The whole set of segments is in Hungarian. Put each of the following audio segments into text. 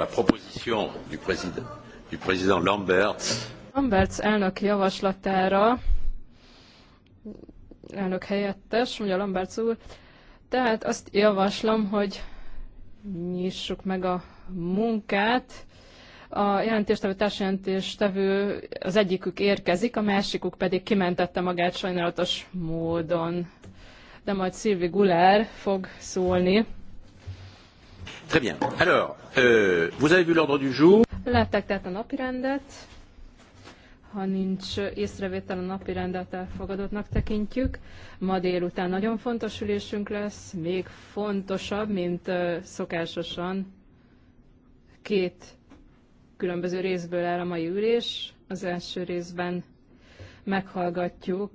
la proposition du président, du président Lamberts. Lamberts elnök javaslatára, elnök helyettes, mondja Lamberts úr, tehát azt javaslom, hogy nyissuk meg a munkát. A jelentéstevő, társjelentéstevő az egyikük érkezik, a másikuk pedig kimentette magát sajnálatos módon. De majd Szilvi Gulár fog szólni. Très bien. Alors, euh, vous avez vu l'ordre du jour. Láttak tehát a rendet. Ha nincs észrevétel a rendet elfogadottnak tekintjük. Ma délután nagyon fontos ülésünk lesz, még fontosabb, mint uh, szokásosan két különböző részből áll a mai ülés. Az első részben meghallgatjuk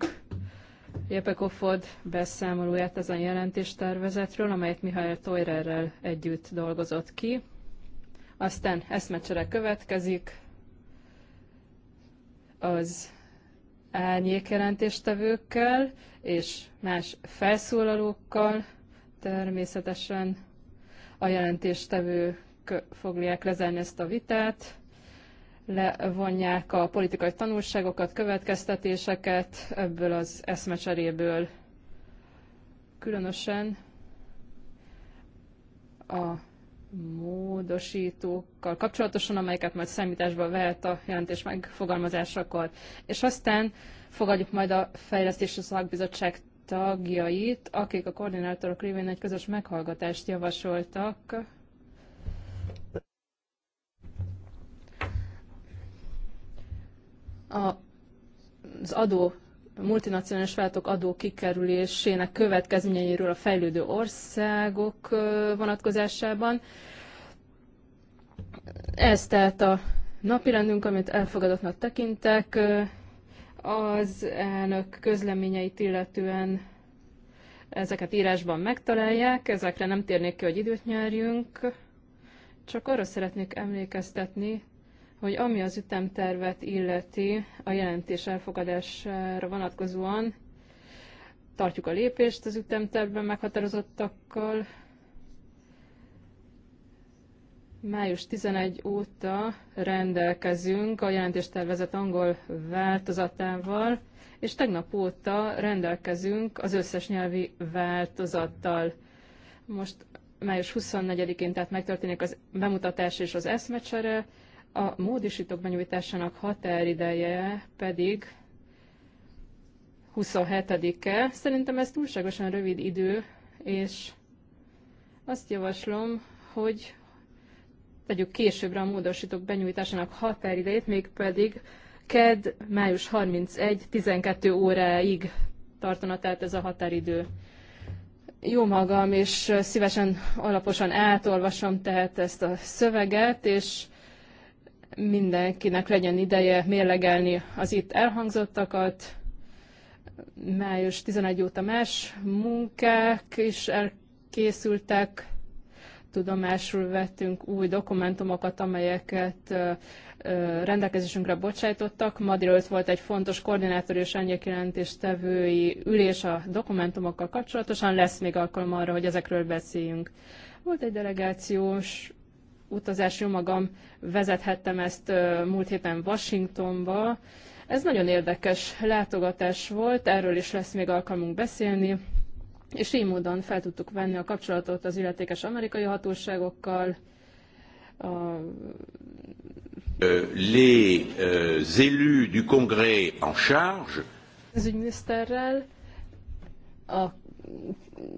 Jeppe Kofod beszámolóját ezen jelentéstervezetről, amelyet Mihály Toyrerrel együtt dolgozott ki. Aztán eszmecsere következik az árnyék jelentéstevőkkel és más felszólalókkal. Természetesen a jelentéstevők fogják lezárni ezt a vitát levonják a politikai tanulságokat, következtetéseket ebből az eszmecseréből. Különösen a módosítókkal kapcsolatosan, amelyeket majd számításba vehet a jelentés megfogalmazásakor. És aztán fogadjuk majd a fejlesztési szakbizottság tagjait, akik a koordinátorok révén egy közös meghallgatást javasoltak a, az adó multinacionális vállalatok adó kikerülésének következményeiről a fejlődő országok vonatkozásában. Ez tehát a napirendünk, amit elfogadottnak tekintek, az elnök közleményeit illetően ezeket írásban megtalálják, ezekre nem térnék ki, hogy időt nyerjünk, csak arra szeretnék emlékeztetni, hogy ami az ütemtervet illeti a jelentés elfogadására vonatkozóan, tartjuk a lépést az ütemtervben meghatározottakkal. Május 11 óta rendelkezünk a jelentéstervezet angol változatával, és tegnap óta rendelkezünk az összes nyelvi változattal. Most május 24-én, tehát megtörténik az bemutatás és az eszmecsere, a módosítók benyújtásának határideje pedig 27-e. Szerintem ez túlságosan rövid idő, és azt javaslom, hogy tegyük későbbre a módosítók benyújtásának határidejét, mégpedig KED május 31-12 óráig tartana, tehát ez a határidő. Jó magam, és szívesen alaposan átolvasom tehát ezt a szöveget, és mindenkinek legyen ideje mérlegelni az itt elhangzottakat. Május 11 óta más munkák is elkészültek, tudomásul vettünk új dokumentumokat, amelyeket rendelkezésünkre bocsájtottak. Ma volt egy fontos koordinátor és tevői ülés a dokumentumokkal kapcsolatosan. Lesz még alkalom arra, hogy ezekről beszéljünk. Volt egy delegációs utazás jó magam vezethettem ezt múlt héten Washingtonba. Ez nagyon érdekes látogatás volt, erről is lesz még alkalmunk beszélni, és így módon fel tudtuk venni a kapcsolatot az illetékes amerikai hatóságokkal, a... Euh, les euh, élus du Congrès en charge. Az ügyminiszterrel, a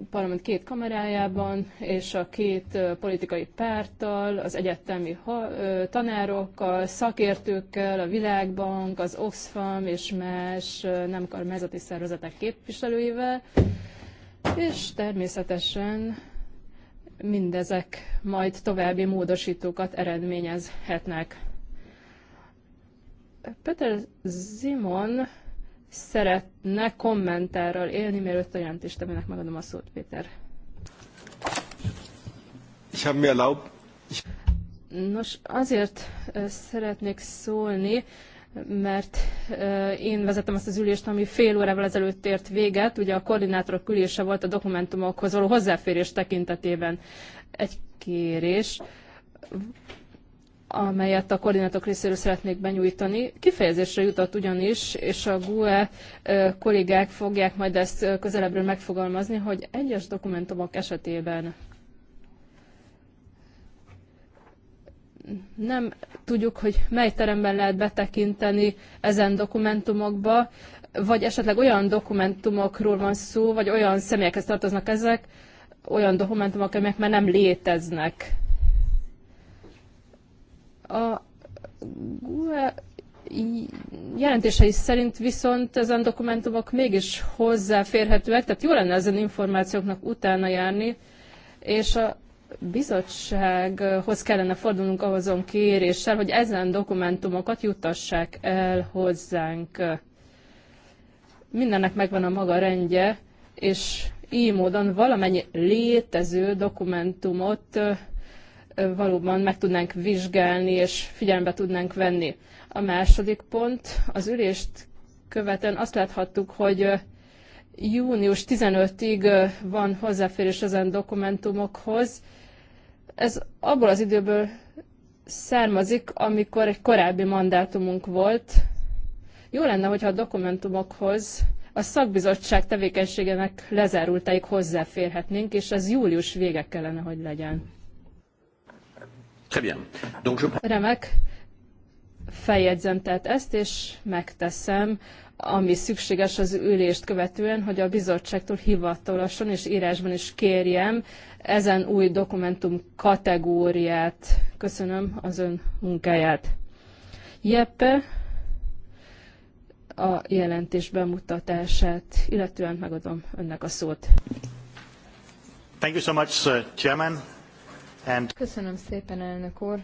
parlament két kamerájában, és a két politikai párttal, az egyetemi tanárokkal, szakértőkkel, a Világbank, az Oxfam és más nem kormányzati szervezetek képviselőivel, és természetesen mindezek majd további módosítókat eredményezhetnek. Peter Simon szeretne kommentárral élni, mielőtt a jelentéstemének megadom a szót, Péter. Ich habe mir erlaubt. Ich... Nos, azért szeretnék szólni, mert én vezetem azt az ülést, ami fél órával ezelőtt ért véget, ugye a koordinátorok ülése volt a dokumentumokhoz való hozzáférés tekintetében. Egy kérés amelyet a koordinátok részéről szeretnék benyújtani. Kifejezésre jutott ugyanis, és a GUE kollégák fogják majd ezt közelebbről megfogalmazni, hogy egyes dokumentumok esetében nem tudjuk, hogy mely teremben lehet betekinteni ezen dokumentumokba, vagy esetleg olyan dokumentumokról van szó, vagy olyan személyekhez tartoznak ezek, olyan dokumentumok, amelyek már nem léteznek a GUE jelentései szerint viszont ezen dokumentumok mégis hozzáférhetőek, tehát jó lenne ezen információknak utána járni, és a bizottsághoz kellene fordulnunk azon kéréssel, hogy ezen dokumentumokat jutassák el hozzánk. Mindennek megvan a maga rendje, és így módon valamennyi létező dokumentumot valóban meg tudnánk vizsgálni és figyelembe tudnánk venni. A második pont, az ülést követően azt láthattuk, hogy június 15-ig van hozzáférés ezen dokumentumokhoz. Ez abból az időből származik, amikor egy korábbi mandátumunk volt. Jó lenne, hogyha a dokumentumokhoz a szakbizottság tevékenységének lezárultáig hozzáférhetnénk, és ez július vége kellene, hogy legyen. Très bien. Donc je... Remek. Feljegyzem tehát ezt, és megteszem, ami szükséges az ülést követően, hogy a bizottságtól hivatalosan és írásban is kérjem ezen új dokumentum kategóriát. Köszönöm az ön munkáját. Jeppe a jelentés bemutatását, illetően megadom önnek a szót. Thank you so much, Chairman. And... Köszönöm szépen, elnök úr.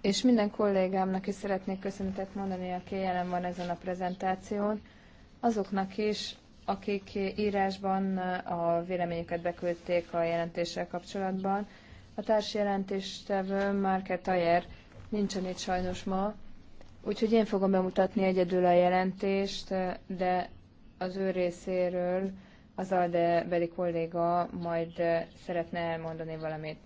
És minden kollégámnak is szeretnék köszönetet mondani, aki jelen van ezen a prezentáción. Azoknak is, akik írásban a véleményüket beküldték a jelentéssel kapcsolatban. A társ jelentéstevő Márke Tajer nincsen itt sajnos ma, úgyhogy én fogom bemutatni egyedül a jelentést, de az ő részéről az ALDE beli kolléga majd szeretne elmondani valamit.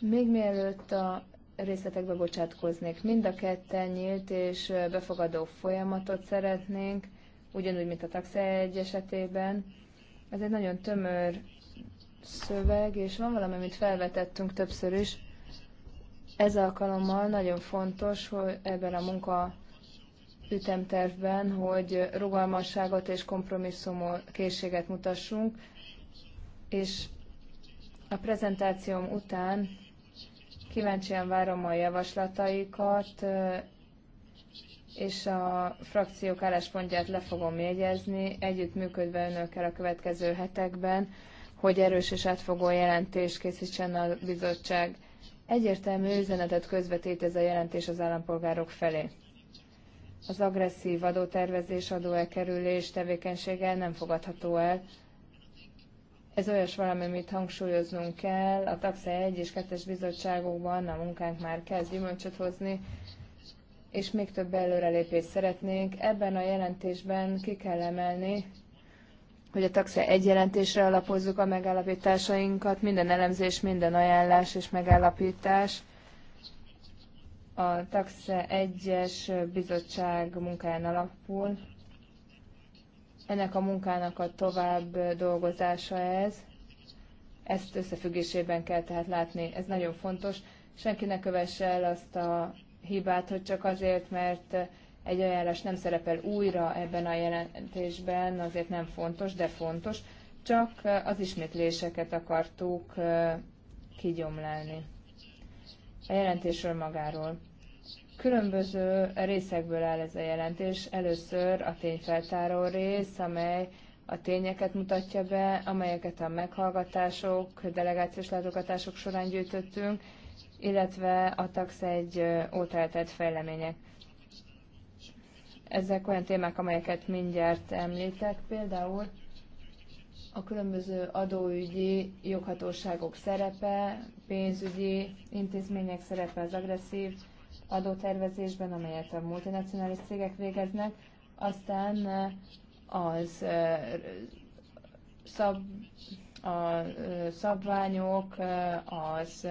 Még mielőtt a részletekbe bocsátkoznék, mind a ketten nyílt és befogadó folyamatot szeretnénk, ugyanúgy, mint a taxa egy esetében. Ez egy nagyon tömör szöveg, és van valami, amit felvetettünk többször is. Ez alkalommal nagyon fontos, hogy ebben a munka ütemtervben, hogy rugalmasságot és kompromisszumot, készséget mutassunk, és a prezentációm után kíváncsian várom a javaslataikat, és a frakciók álláspontját le fogom jegyezni, együttműködve önökkel a következő hetekben, hogy erős és átfogó jelentést készítsen a bizottság. Egyértelmű üzenetet közvetít ez a jelentés az állampolgárok felé az agresszív adótervezés, adóelkerülés tevékenysége nem fogadható el. Ez olyas valami, amit hangsúlyoznunk kell. A taxa 1 és 2-es bizottságokban a munkánk már kezd gyümölcsöt hozni, és még több előrelépést szeretnénk. Ebben a jelentésben ki kell emelni, hogy a taxa egy jelentésre alapozzuk a megállapításainkat, minden elemzés, minden ajánlás és megállapítás a TAXE 1-es bizottság munkáján alapul. Ennek a munkának a tovább dolgozása ez. Ezt összefüggésében kell tehát látni. Ez nagyon fontos. Senki ne kövesse el azt a hibát, hogy csak azért, mert egy ajánlás nem szerepel újra ebben a jelentésben, azért nem fontos, de fontos. Csak az ismétléseket akartuk eh, kigyomlálni a jelentésről magáról. Különböző részekből áll ez a jelentés. Először a tényfeltáró rész, amely a tényeket mutatja be, amelyeket a meghallgatások, delegációs látogatások során gyűjtöttünk, illetve a TAX egy óteltett fejlemények. Ezek olyan témák, amelyeket mindjárt említek, például a különböző adóügyi joghatóságok szerepe, pénzügyi intézmények szerepe az agresszív adótervezésben, amelyet a multinacionális cégek végeznek, aztán az szab, a szabványok, az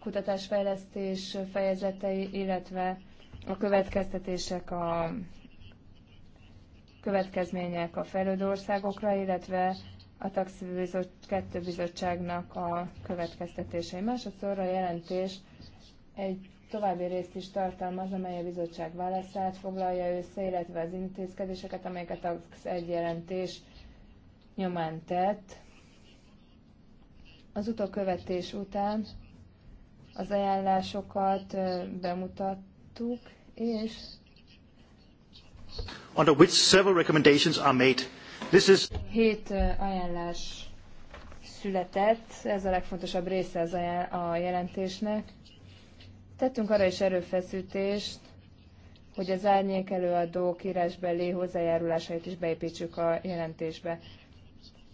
kutatásfejlesztés fejezetei, illetve a következtetések, a következmények a fejlődő országokra, illetve a Taxi bizot, kettő bizottságnak a következtetései. Másodszor a jelentés egy további részt is tartalmaz, amely a bizottság válaszát foglalja össze, illetve az intézkedéseket, amelyeket az egy jelentés nyomán tett. Az utókövetés után az ajánlásokat bemutattuk, és under which several recommendations are made. This is Hét ajánlás született, ez a legfontosabb része az a jelentésnek. Tettünk arra is erőfeszítést, hogy az árnyék előadók írásbeli hozzájárulásait is beépítsük a jelentésbe.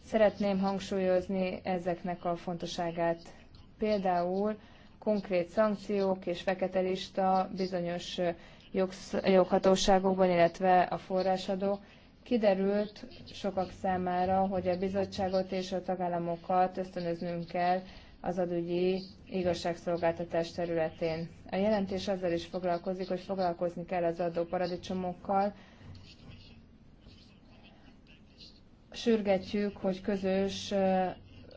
Szeretném hangsúlyozni ezeknek a fontosságát. Például konkrét szankciók és fekete lista bizonyos joghatóságokban, illetve a forrásadó. Kiderült sokak számára, hogy a bizottságot és a tagállamokat ösztönöznünk kell az adügyi igazságszolgáltatás területén. A jelentés azzal is foglalkozik, hogy foglalkozni kell az adóparadicsomokkal. Sürgetjük, hogy közös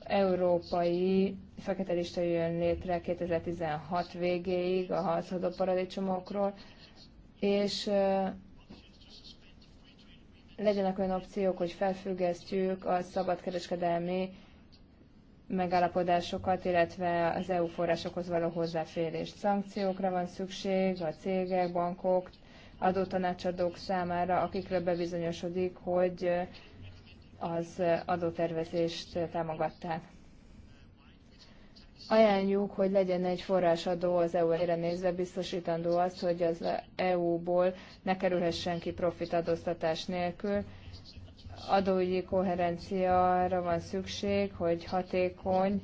európai fekete lista jön létre 2016 végéig a harcadó paradicsomokról, és legyenek olyan opciók, hogy felfüggesztjük a szabadkereskedelmi megállapodásokat, illetve az EU forrásokhoz való hozzáférést. Szankciókra van szükség a cégek, bankok, adótanácsadók számára, akikről bebizonyosodik, hogy az adótervezést támogatták. Ajánljuk, hogy legyen egy forrásadó az EU re nézve, biztosítandó az, hogy az EU-ból ne kerülhessen ki profitadóztatás nélkül, adóügyi arra van szükség, hogy hatékony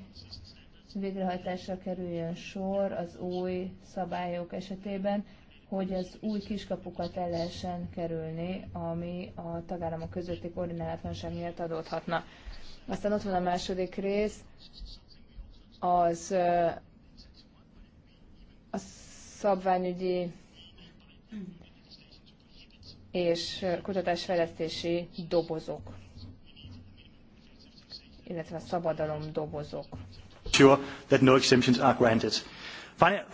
végrehajtásra kerüljön sor az új szabályok esetében, hogy az új kiskapukat el lehessen kerülni, ami a tagállamok közötti koordinálatlanság miatt adódhatna. Aztán ott van a második rész, az a szabványügyi és kutatásfejlesztési dobozok, illetve a szabadalom dobozok. Sure that no exemptions are granted.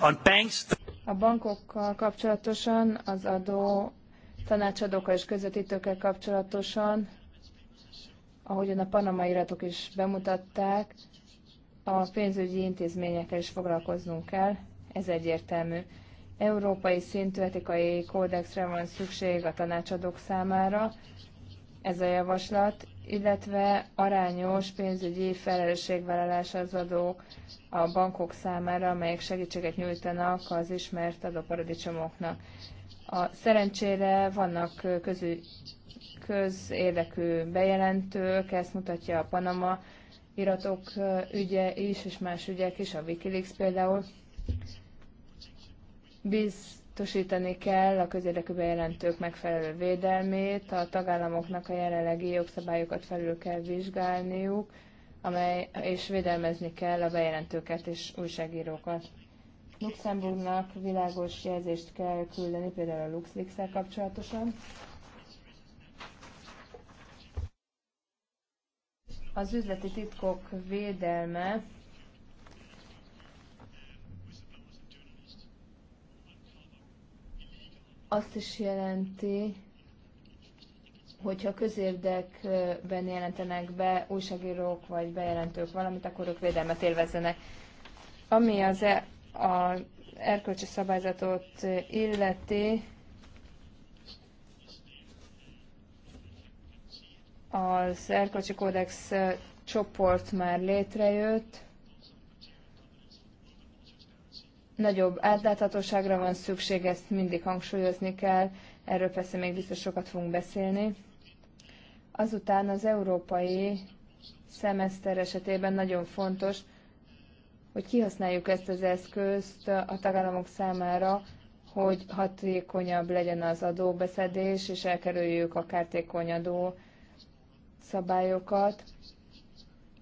On banks... A bankokkal kapcsolatosan, az adó tanácsadókkal és közvetítőkkel kapcsolatosan, ahogyan a panama iratok is bemutatták, a pénzügyi intézményekkel is foglalkoznunk kell, ez egyértelmű. Európai szintű etikai kódexre van szükség a tanácsadók számára, ez a javaslat, illetve arányos pénzügyi felelősségvállalás az adók a bankok számára, amelyek segítséget nyújtanak az ismert adóparadicsomoknak. A szerencsére vannak közül, közérdekű bejelentők, ezt mutatja a Panama iratok ügye is, és más ügyek is, a Wikileaks például. Biztosítani kell a közérdekű bejelentők megfelelő védelmét, a tagállamoknak a jelenlegi jogszabályokat felül kell vizsgálniuk, amely, és védelmezni kell a bejelentőket és újságírókat. Luxemburgnak világos jelzést kell küldeni, például a LuxLeaks-el kapcsolatosan. Az üzleti titkok védelme azt is jelenti, hogyha közérdekben jelentenek be újságírók vagy bejelentők valamit, akkor ők védelmet élvezzenek. Ami az e, a erkölcsi szabályzatot illeti, az erkölcsi kódex csoport már létrejött, Nagyobb átláthatóságra van szükség, ezt mindig hangsúlyozni kell, erről persze még biztos sokat fogunk beszélni. Azután az európai szemeszter esetében nagyon fontos, hogy kihasználjuk ezt az eszközt a tagállamok számára, hogy hatékonyabb legyen az adóbeszedés, és elkerüljük a kártékony adó szabályokat,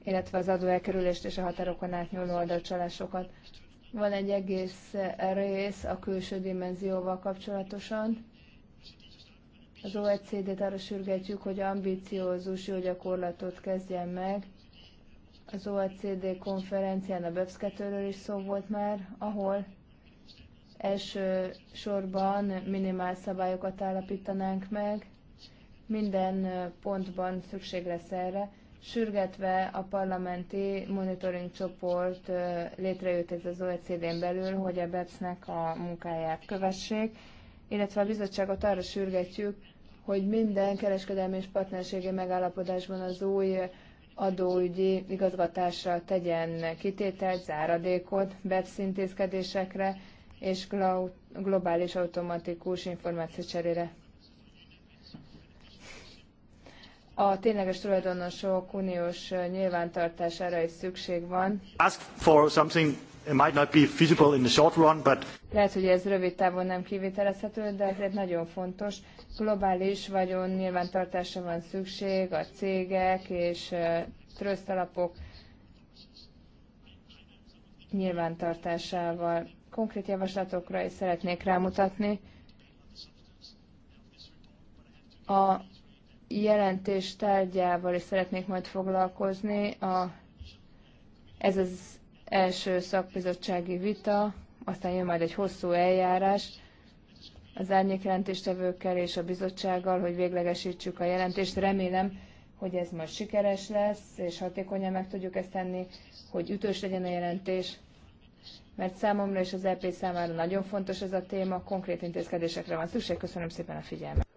illetve az adóelkerülést és a határokon átnyúló adócsalásokat. Van egy egész rész a külső dimenzióval kapcsolatosan. Az OECD-t arra sürgetjük, hogy ambiciózus jó gyakorlatot kezdjen meg. Az OECD konferencián a BEPS 2 is szó volt már, ahol első sorban minimál szabályokat állapítanánk meg. Minden pontban szükség lesz erre sürgetve a parlamenti monitoring csoport létrejött ez az OECD-n belül, hogy a BEPS-nek a munkáját kövessék, illetve a bizottságot arra sürgetjük, hogy minden kereskedelmi és partnerségi megállapodásban az új adóügyi igazgatásra tegyen kitételt, záradékot, BEPS intézkedésekre és globális automatikus információcserére. a tényleges tulajdonosok uniós nyilvántartására is szükség van. Ask for something it might not be feasible in the short run, but lehet, hogy ez rövid távon nem kivitelezhető, de ezért nagyon fontos. Globális vagyon nyilvántartásra van szükség, a cégek és trözt alapok nyilvántartásával. Konkrét javaslatokra is szeretnék rámutatni. A jelentés tárgyával is szeretnék majd foglalkozni. A, ez az első szakbizottsági vita, aztán jön majd egy hosszú eljárás az árnyék jelentéstevőkkel és a bizottsággal, hogy véglegesítsük a jelentést. Remélem, hogy ez majd sikeres lesz, és hatékonyan meg tudjuk ezt tenni, hogy ütős legyen a jelentés, mert számomra és az EP számára nagyon fontos ez a téma, konkrét intézkedésekre van szükség. Köszönöm szépen a figyelmet!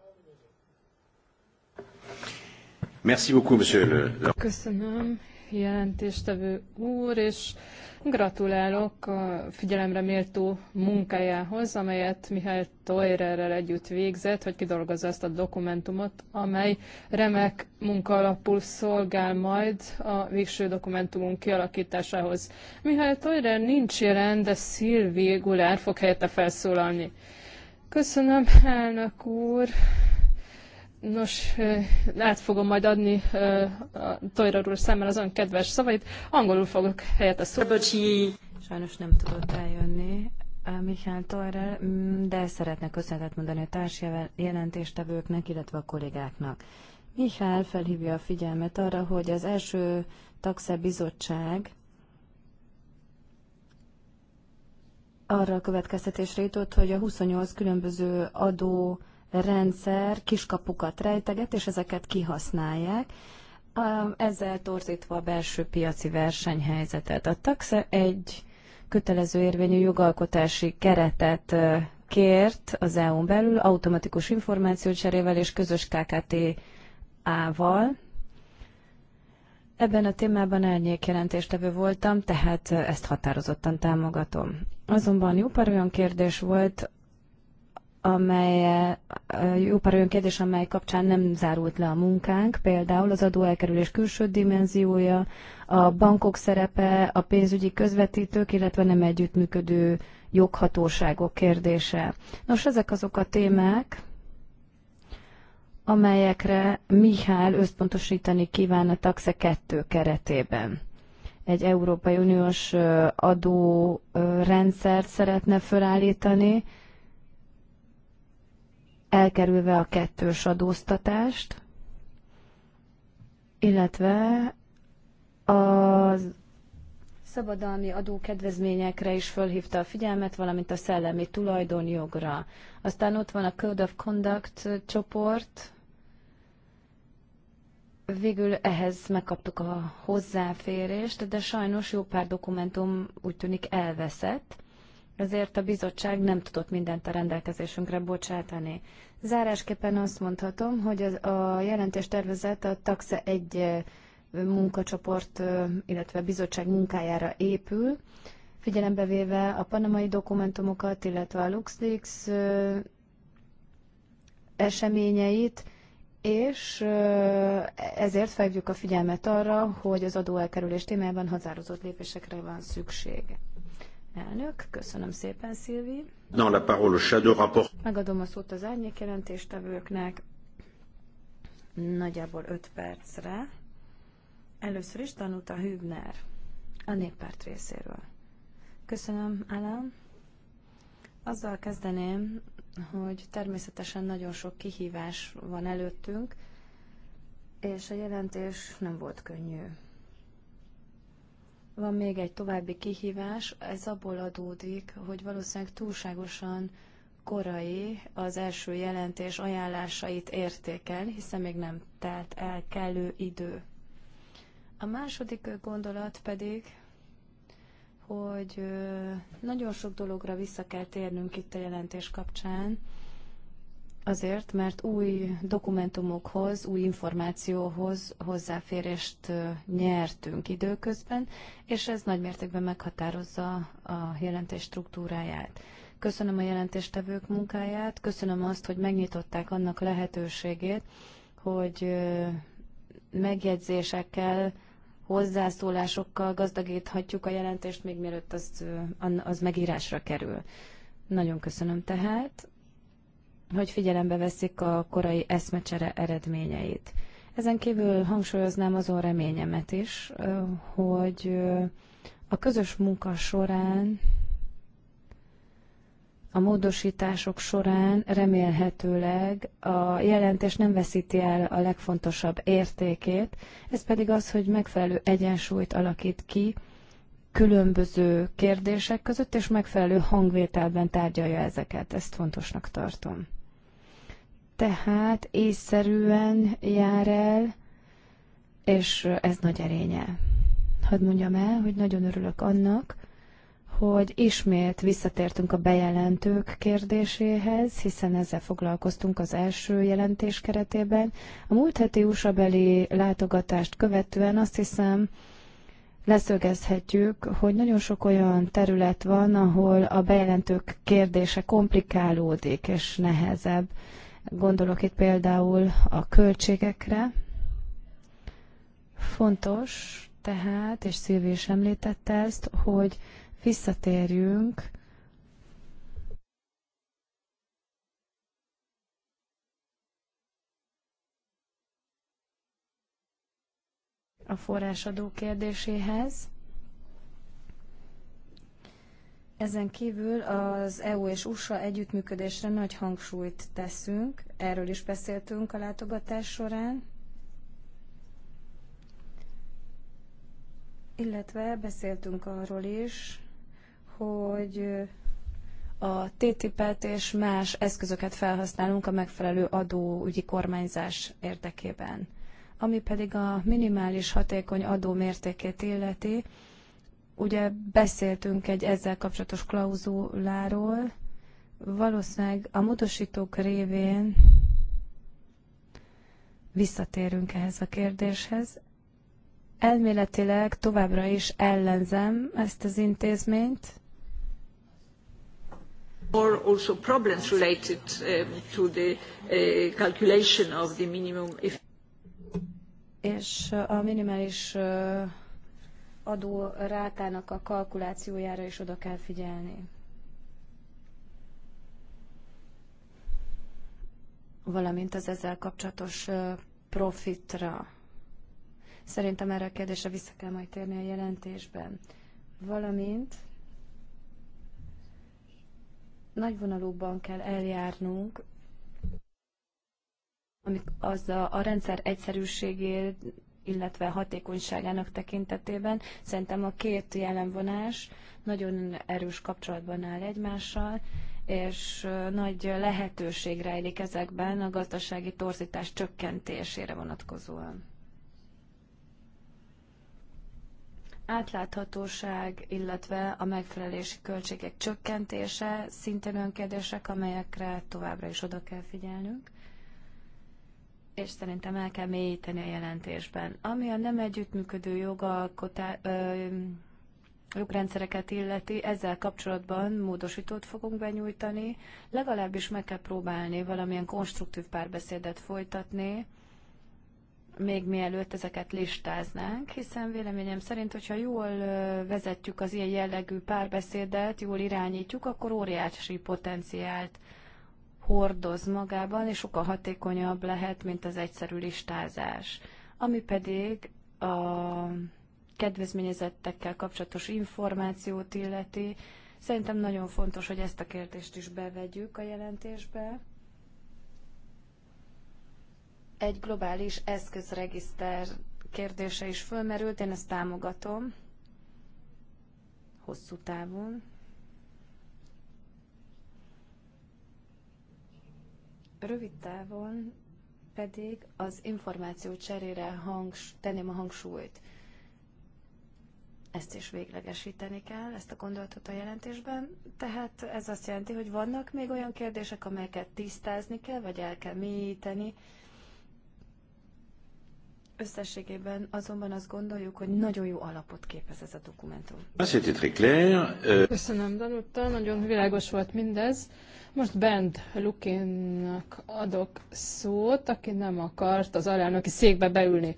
Merci beaucoup, monsieur le... Köszönöm, jelentéstevő úr, és gratulálok a figyelemre méltó munkájához, amelyet Mihály Toyrerrel együtt végzett, hogy kidolgozza ezt a dokumentumot, amely remek munka alapul szolgál majd a végső dokumentumunk kialakításához. Mihály Toyrer nincs jelen, de Szilvi Gulár fog helyette felszólalni. Köszönöm, elnök úr! Nos, át fogom majd adni a úr szemmel az ön kedves szavait. Angolul fogok helyette szólni. Sajnos nem tudott eljönni. Mihály Toirer, de szeretne köszönetet mondani a társjelentéstevőknek, illetve a kollégáknak. Mihály felhívja a figyelmet arra, hogy az első taxe bizottság arra a következtetésre jutott, hogy a 28 különböző adó rendszer kiskapukat rejteget, és ezeket kihasználják, ezzel torzítva a belső piaci versenyhelyzetet. A taxa egy kötelező érvényű jogalkotási keretet kért az EU-n belül automatikus információcserével és közös KKT-ával. Ebben a témában elnyék jelentéstevő voltam, tehát ezt határozottan támogatom. Azonban jó pár olyan kérdés volt, amely jó pár olyan kérdés, amely kapcsán nem zárult le a munkánk, például az adóelkerülés külső dimenziója, a bankok szerepe, a pénzügyi közvetítők, illetve nem együttműködő joghatóságok kérdése. Nos, ezek azok a témák, amelyekre Mihály összpontosítani kíván a taxe 2 keretében egy Európai Uniós adórendszert szeretne felállítani, elkerülve a kettős adóztatást, illetve a szabadalmi adókedvezményekre is fölhívta a figyelmet, valamint a szellemi tulajdonjogra. Aztán ott van a Code of Conduct csoport, végül ehhez megkaptuk a hozzáférést, de sajnos jó pár dokumentum úgy tűnik elveszett, ezért a bizottság nem tudott mindent a rendelkezésünkre bocsátani. Zárásképpen azt mondhatom, hogy a jelentés tervezet a taxa egy munkacsoport, illetve bizottság munkájára épül, figyelembe véve a panamai dokumentumokat, illetve a LuxLeaks eseményeit, és ezért felhívjuk a figyelmet arra, hogy az adóelkerülés témában határozott lépésekre van szükség. Elnök, köszönöm szépen, Szilvi. Non, la parole, shadow rapport. Megadom a szót az árnyék jelentéstevőknek nagyjából 5 percre. Először is tanult a Hübner a néppárt részéről. Köszönöm, Alan. Azzal kezdeném, hogy természetesen nagyon sok kihívás van előttünk, és a jelentés nem volt könnyű. Van még egy további kihívás, ez abból adódik, hogy valószínűleg túlságosan korai az első jelentés ajánlásait értékel, hiszen még nem telt el kellő idő. A második gondolat pedig, hogy nagyon sok dologra vissza kell térnünk itt a jelentés kapcsán, Azért, mert új dokumentumokhoz, új információhoz hozzáférést nyertünk időközben, és ez nagymértékben meghatározza a jelentés struktúráját. Köszönöm a jelentéstevők munkáját, köszönöm azt, hogy megnyitották annak lehetőségét, hogy megjegyzésekkel, hozzászólásokkal gazdagíthatjuk a jelentést, még mielőtt az, az megírásra kerül. Nagyon köszönöm tehát hogy figyelembe veszik a korai eszmecsere eredményeit. Ezen kívül hangsúlyoznám azon reményemet is, hogy a közös munka során, a módosítások során remélhetőleg a jelentés nem veszíti el a legfontosabb értékét, ez pedig az, hogy megfelelő egyensúlyt alakít ki különböző kérdések között, és megfelelő hangvételben tárgyalja ezeket. Ezt fontosnak tartom tehát észszerűen jár el, és ez nagy erénye. Hadd mondjam el, hogy nagyon örülök annak, hogy ismét visszatértünk a bejelentők kérdéséhez, hiszen ezzel foglalkoztunk az első jelentés keretében. A múlt heti usa látogatást követően azt hiszem, leszögezhetjük, hogy nagyon sok olyan terület van, ahol a bejelentők kérdése komplikálódik és nehezebb. Gondolok itt például a költségekre. Fontos tehát, és Szilvi is említette ezt, hogy visszatérjünk a forrásadó kérdéséhez. Ezen kívül az EU és USA együttműködésre nagy hangsúlyt teszünk, erről is beszéltünk a látogatás során, illetve beszéltünk arról is, hogy a TTIP-et és más eszközöket felhasználunk a megfelelő adóügyi kormányzás érdekében. Ami pedig a minimális hatékony adó mértékét illeti, Ugye beszéltünk egy ezzel kapcsolatos klauzuláról, valószínűleg a módosítók révén visszatérünk ehhez a kérdéshez. Elméletileg továbbra is ellenzem ezt az intézményt. Or also problems related um, to the uh, calculation of the minimum. És uh, a minimális uh, adó rátának a kalkulációjára is oda kell figyelni. Valamint az ezzel kapcsolatos profitra. Szerintem erre a kérdésre vissza kell majd térni a jelentésben. Valamint nagy vonalúban kell eljárnunk, amik az a, a rendszer egyszerűségét illetve hatékonyságának tekintetében. Szerintem a két jelenvonás nagyon erős kapcsolatban áll egymással, és nagy lehetőség rejlik ezekben a gazdasági torzítás csökkentésére vonatkozóan. átláthatóság, illetve a megfelelési költségek csökkentése szintén olyan kérdések, amelyekre továbbra is oda kell figyelnünk és szerintem el kell mélyíteni a jelentésben. Ami a nem együttműködő jogalkotá, ö, jogrendszereket illeti, ezzel kapcsolatban módosítót fogunk benyújtani, legalábbis meg kell próbálni valamilyen konstruktív párbeszédet folytatni, még mielőtt ezeket listáznánk, hiszen véleményem szerint, hogyha jól vezetjük az ilyen jellegű párbeszédet, jól irányítjuk, akkor óriási potenciált hordoz magában, és sokkal hatékonyabb lehet, mint az egyszerű listázás. Ami pedig a kedvezményezettekkel kapcsolatos információt illeti, szerintem nagyon fontos, hogy ezt a kérdést is bevegyük a jelentésbe. Egy globális eszközregiszter kérdése is fölmerült, én ezt támogatom hosszú távon. Rövid távon pedig az információ cserére hangs, tenném a hangsúlyt. Ezt is véglegesíteni kell, ezt a gondolatot a jelentésben. Tehát ez azt jelenti, hogy vannak még olyan kérdések, amelyeket tisztázni kell, vagy el kell mélyíteni. Összességében azonban azt gondoljuk, hogy nagyon jó alapot képez ez a dokumentum. Euh, Köszönöm, Danutta, nagyon világos volt mindez. Most Bent Lukinnak adok szót, aki nem akart az alelnöki székbe beülni.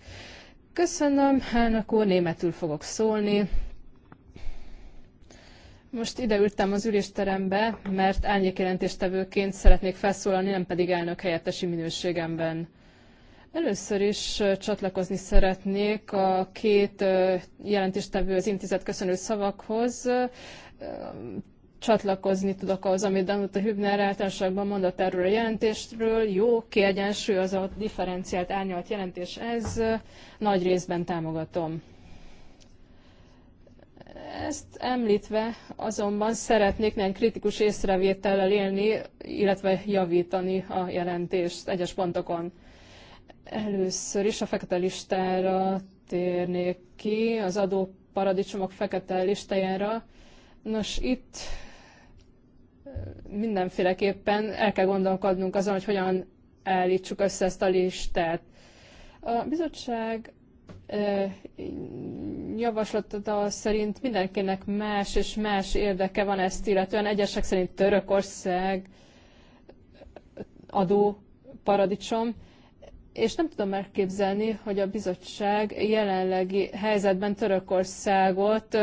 Köszönöm, elnök úr, németül fogok szólni. Most ideültem az ülésterembe, mert elnyékjelentéstevőként szeretnék felszólalni, nem pedig elnök helyettesi minőségemben. Először is csatlakozni szeretnék a két jelentéstevő az intézet köszönő szavakhoz csatlakozni tudok ahhoz, amit Danuta Hübner általánosságban mondott erről a jelentésről. Jó, a differenciált, árnyalt jelentés ez. Nagy részben támogatom. Ezt említve azonban szeretnék nem kritikus észrevétellel élni, illetve javítani a jelentést egyes pontokon. Először is a fekete listára térnék ki, az adóparadicsomok fekete listájára. Nos, itt mindenféleképpen el kell gondolkodnunk azon, hogy hogyan állítsuk össze ezt a listát. A bizottság javaslata szerint mindenkinek más és más érdeke van ezt illetően. Egyesek szerint Törökország adó paradicsom, és nem tudom elképzelni, hogy a bizottság jelenlegi helyzetben Törökországot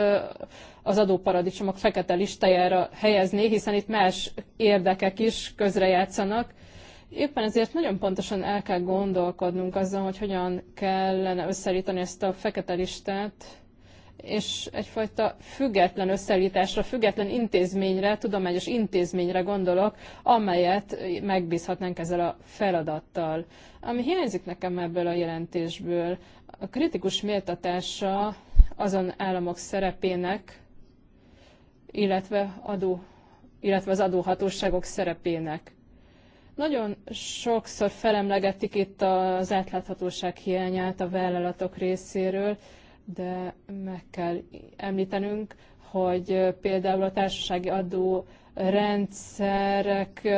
az adóparadicsomok fekete listájára helyezni, hiszen itt más érdekek is közrejátszanak. Éppen ezért nagyon pontosan el kell gondolkodnunk azon, hogy hogyan kellene összeállítani ezt a fekete listát, és egyfajta független összeállításra, független intézményre, tudományos intézményre gondolok, amelyet megbízhatnánk ezzel a feladattal. Ami hiányzik nekem ebből a jelentésből, a kritikus méltatása azon államok szerepének, illetve, adó, illetve az adóhatóságok szerepének. Nagyon sokszor felemlegetik itt az átláthatóság hiányát a vállalatok részéről, de meg kell említenünk, hogy például a társasági adó rendszerek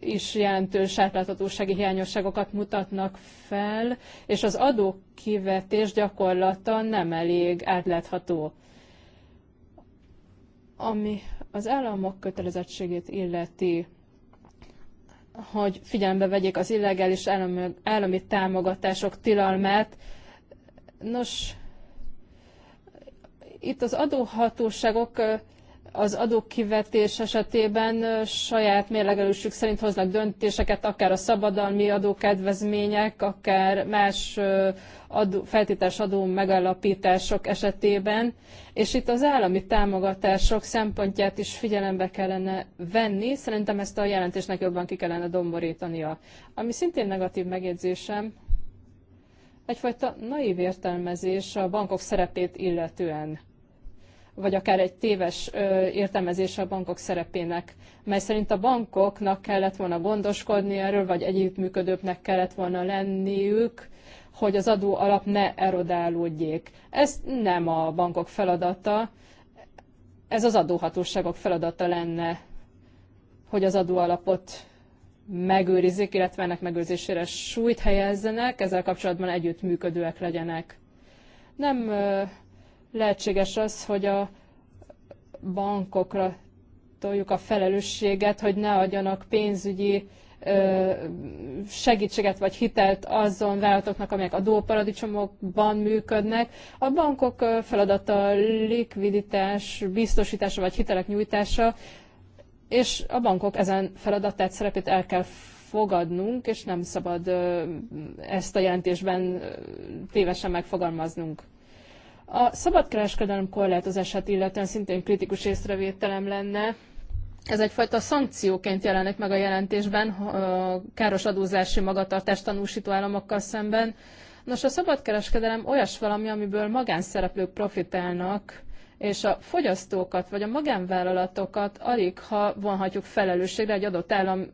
is jelentős átláthatósági hiányosságokat mutatnak fel, és az adókivetés gyakorlata nem elég átlátható. Ami az államok kötelezettségét illeti, hogy figyelembe vegyék az illegális állami, állami támogatások tilalmát. Nos, itt az adóhatóságok az adók esetében saját mérlegelősük szerint hoznak döntéseket, akár a szabadalmi adókedvezmények, akár más adó, feltételes adó megállapítások esetében, és itt az állami támogatások szempontját is figyelembe kellene venni. Szerintem ezt a jelentésnek jobban ki kellene domborítania. Ami szintén negatív megjegyzésem, egyfajta naív értelmezés a bankok szerepét illetően vagy akár egy téves értelmezése a bankok szerepének, mely szerint a bankoknak kellett volna gondoskodni erről, vagy együttműködőknek kellett volna lenniük, hogy az adó alap ne erodálódjék. Ez nem a bankok feladata, ez az adóhatóságok feladata lenne, hogy az adóalapot megőrizzék, illetve ennek megőrzésére súlyt helyezzenek, ezzel kapcsolatban együttműködőek legyenek. Nem lehetséges az, hogy a bankokra toljuk a felelősséget, hogy ne adjanak pénzügyi segítséget vagy hitelt azon vállalatoknak, amelyek adóparadicsomokban működnek. A bankok feladata likviditás, biztosítása vagy hitelek nyújtása, és a bankok ezen feladatát, szerepét el kell fogadnunk, és nem szabad ezt a jelentésben tévesen megfogalmaznunk. A szabadkereskedelem korlátozását illetően szintén kritikus észrevételem lenne. Ez egyfajta szankcióként jelenik meg a jelentésben, káros adózási magatartást tanúsító államokkal szemben. Nos, a szabadkereskedelem olyas valami, amiből magánszereplők profitálnak, és a fogyasztókat vagy a magánvállalatokat alig ha vonhatjuk felelősségre egy adott állam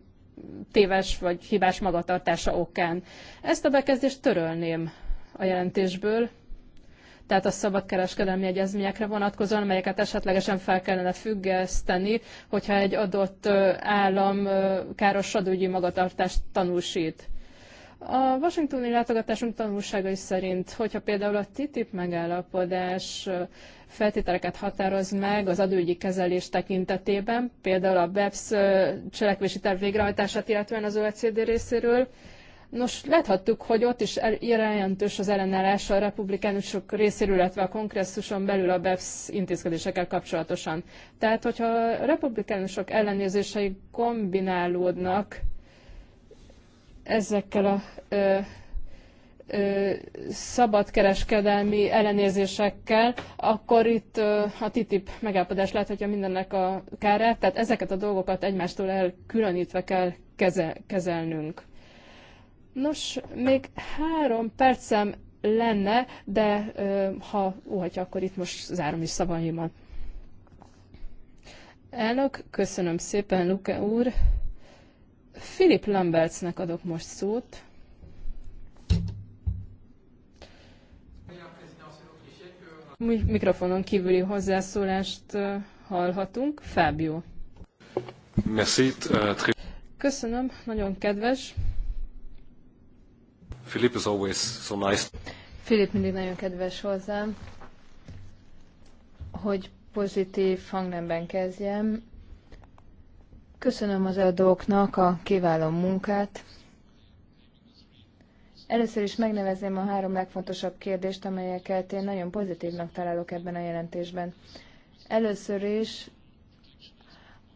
téves vagy hibás magatartása okán. Ezt a bekezdést törölném a jelentésből, tehát a szabadkereskedelmi egyezményekre vonatkozóan, amelyeket esetlegesen fel kellene függeszteni, hogyha egy adott állam káros adóügyi magatartást tanúsít. A washingtoni látogatásunk tanulságai szerint, hogyha például a TTIP megállapodás feltételeket határoz meg az adóügyi kezelés tekintetében, például a BEPS cselekvési terv végrehajtását, illetően az OECD részéről, Nos, láthattuk, hogy ott is jelentős az ellenállás a republikánusok részéről, illetve a kongresszuson belül a BEPS intézkedésekkel kapcsolatosan. Tehát, hogyha a republikánusok ellenőrzései kombinálódnak ezekkel a ö, ö, szabadkereskedelmi ellenőrzésekkel, akkor itt ö, a TTIP megállapodás láthatja mindennek a kárát, tehát ezeket a dolgokat egymástól elkülönítve kell kezel, kezelnünk. Nos, még három percem lenne, de ha óhatja, akkor itt most zárom is szavaimat. Elnök, köszönöm szépen, Luke úr. Philip Lambertsnek adok most szót. Mikrofonon kívüli hozzászólást hallhatunk. Fábio. Euh, köszönöm, nagyon kedves. Philip is always so nice. Philip mindig nagyon kedves hozzám, hogy pozitív hangnemben kezdjem. Köszönöm az előadóknak a kiváló munkát. Először is megnevezném a három legfontosabb kérdést, amelyeket én nagyon pozitívnak találok ebben a jelentésben. Először is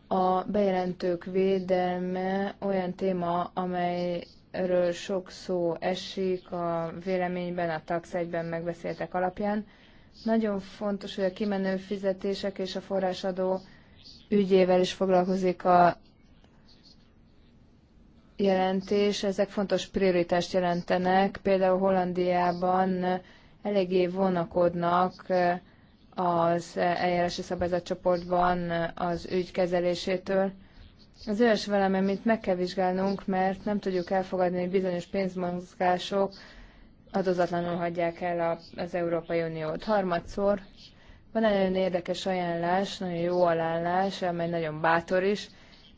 a bejelentők védelme olyan téma, amely ről sok szó esik a véleményben, a tax egyben megbeszéltek alapján. Nagyon fontos, hogy a kimenő fizetések és a forrásadó ügyével is foglalkozik a jelentés. Ezek fontos prioritást jelentenek. Például Hollandiában eléggé vonakodnak az eljárási szabályzatcsoportban az ügy kezelésétől az olyas velem, amit meg kell vizsgálnunk, mert nem tudjuk elfogadni, hogy bizonyos pénzmozgások adozatlanul hagyják el a, az Európai Uniót. Harmadszor van egy nagyon érdekes ajánlás, nagyon jó ajánlás, amely nagyon bátor is,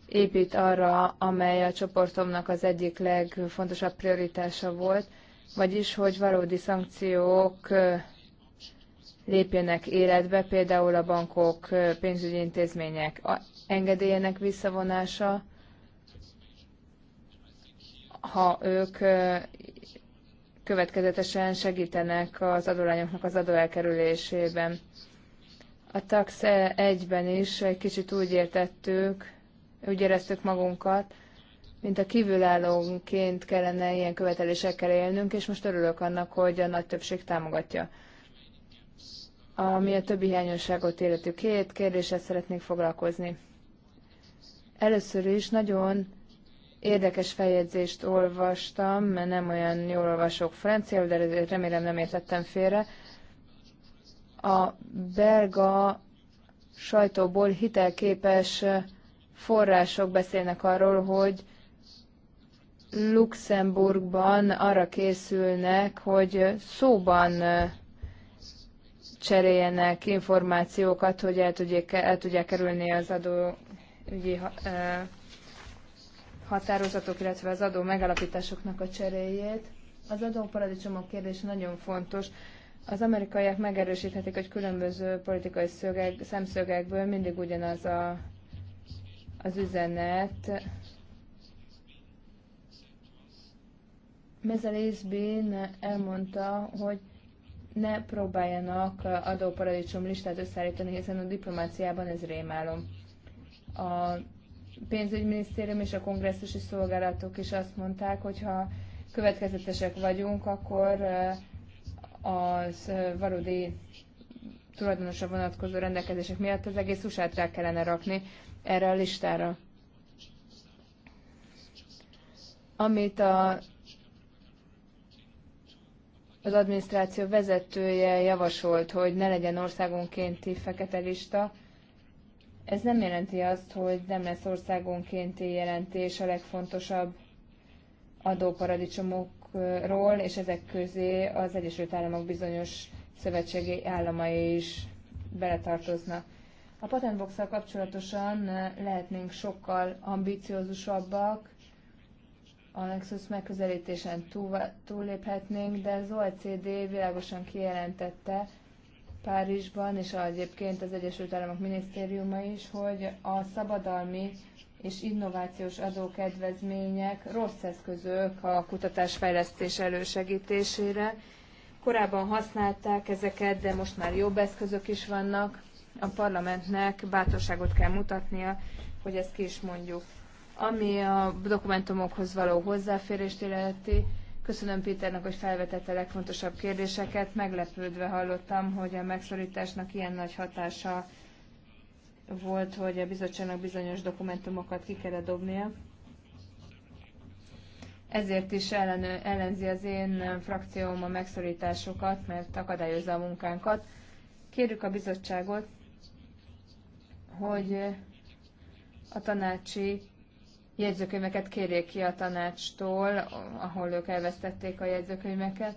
épít arra, amely a csoportomnak az egyik legfontosabb prioritása volt, vagyis, hogy valódi szankciók lépjenek életbe, például a bankok, pénzügyi intézmények engedélyének visszavonása, ha ők következetesen segítenek az adolányoknak az adóelkerülésében. A tax egyben is egy kicsit úgy értettük, úgy éreztük magunkat, mint a kívülállóként kellene ilyen követelésekkel élnünk, és most örülök annak, hogy a nagy többség támogatja. Ami a többi hiányosságot illeti két kérdéssel szeretnék foglalkozni. Először is nagyon érdekes feljegyzést olvastam, mert nem olyan jól olvasok franciául, de remélem nem értettem félre. A belga sajtóból hitelképes források beszélnek arról, hogy Luxemburgban arra készülnek, hogy szóban cseréljenek információkat, hogy el, tudják, el tudják kerülni az adó ügyi határozatok, illetve az adó megalapításoknak a cseréjét. Az adóparadicsomok kérdése nagyon fontos. Az amerikaiak megerősíthetik, hogy különböző politikai szögek, szemszögekből mindig ugyanaz a, az üzenet. Mezel Bean elmondta, hogy ne próbáljanak adóparadicsom listát összeállítani, hiszen a diplomáciában ez rémálom. A pénzügyminisztérium és a kongresszusi szolgálatok is azt mondták, hogy ha következetesek vagyunk, akkor eh, az eh, valódi tulajdonosra vonatkozó rendelkezések miatt az egész usa rá kellene rakni erre a listára. Amit a, az adminisztráció vezetője javasolt, hogy ne legyen országonkénti fekete lista, ez nem jelenti azt, hogy nem lesz országonkénti jelentés a legfontosabb adóparadicsomokról, és ezek közé az Egyesült Államok bizonyos szövetségi államai is beletartoznak. A patentboxsal kapcsolatosan lehetnénk sokkal ambiciózusabbak, a Nexus megközelítésen túl, túlléphetnénk, de az OECD világosan kijelentette, Párizsban, és egyébként az Egyesült Államok Minisztériuma is, hogy a szabadalmi és innovációs adókedvezmények rossz eszközök a kutatásfejlesztés elősegítésére. Korábban használták ezeket, de most már jobb eszközök is vannak. A parlamentnek bátorságot kell mutatnia, hogy ezt ki is mondjuk. Ami a dokumentumokhoz való hozzáférést illeti, Köszönöm Péternek, hogy felvetette a legfontosabb kérdéseket. Meglepődve hallottam, hogy a megszorításnak ilyen nagy hatása volt, hogy a bizottságnak bizonyos dokumentumokat ki kellett dobnia. Ezért is ellen, ellenzi az én frakcióm a megszorításokat, mert akadályozza a munkánkat. Kérjük a bizottságot, hogy a tanácsi jegyzőkönyveket kérjék ki a tanácstól, ahol ők elvesztették a jegyzőkönyveket.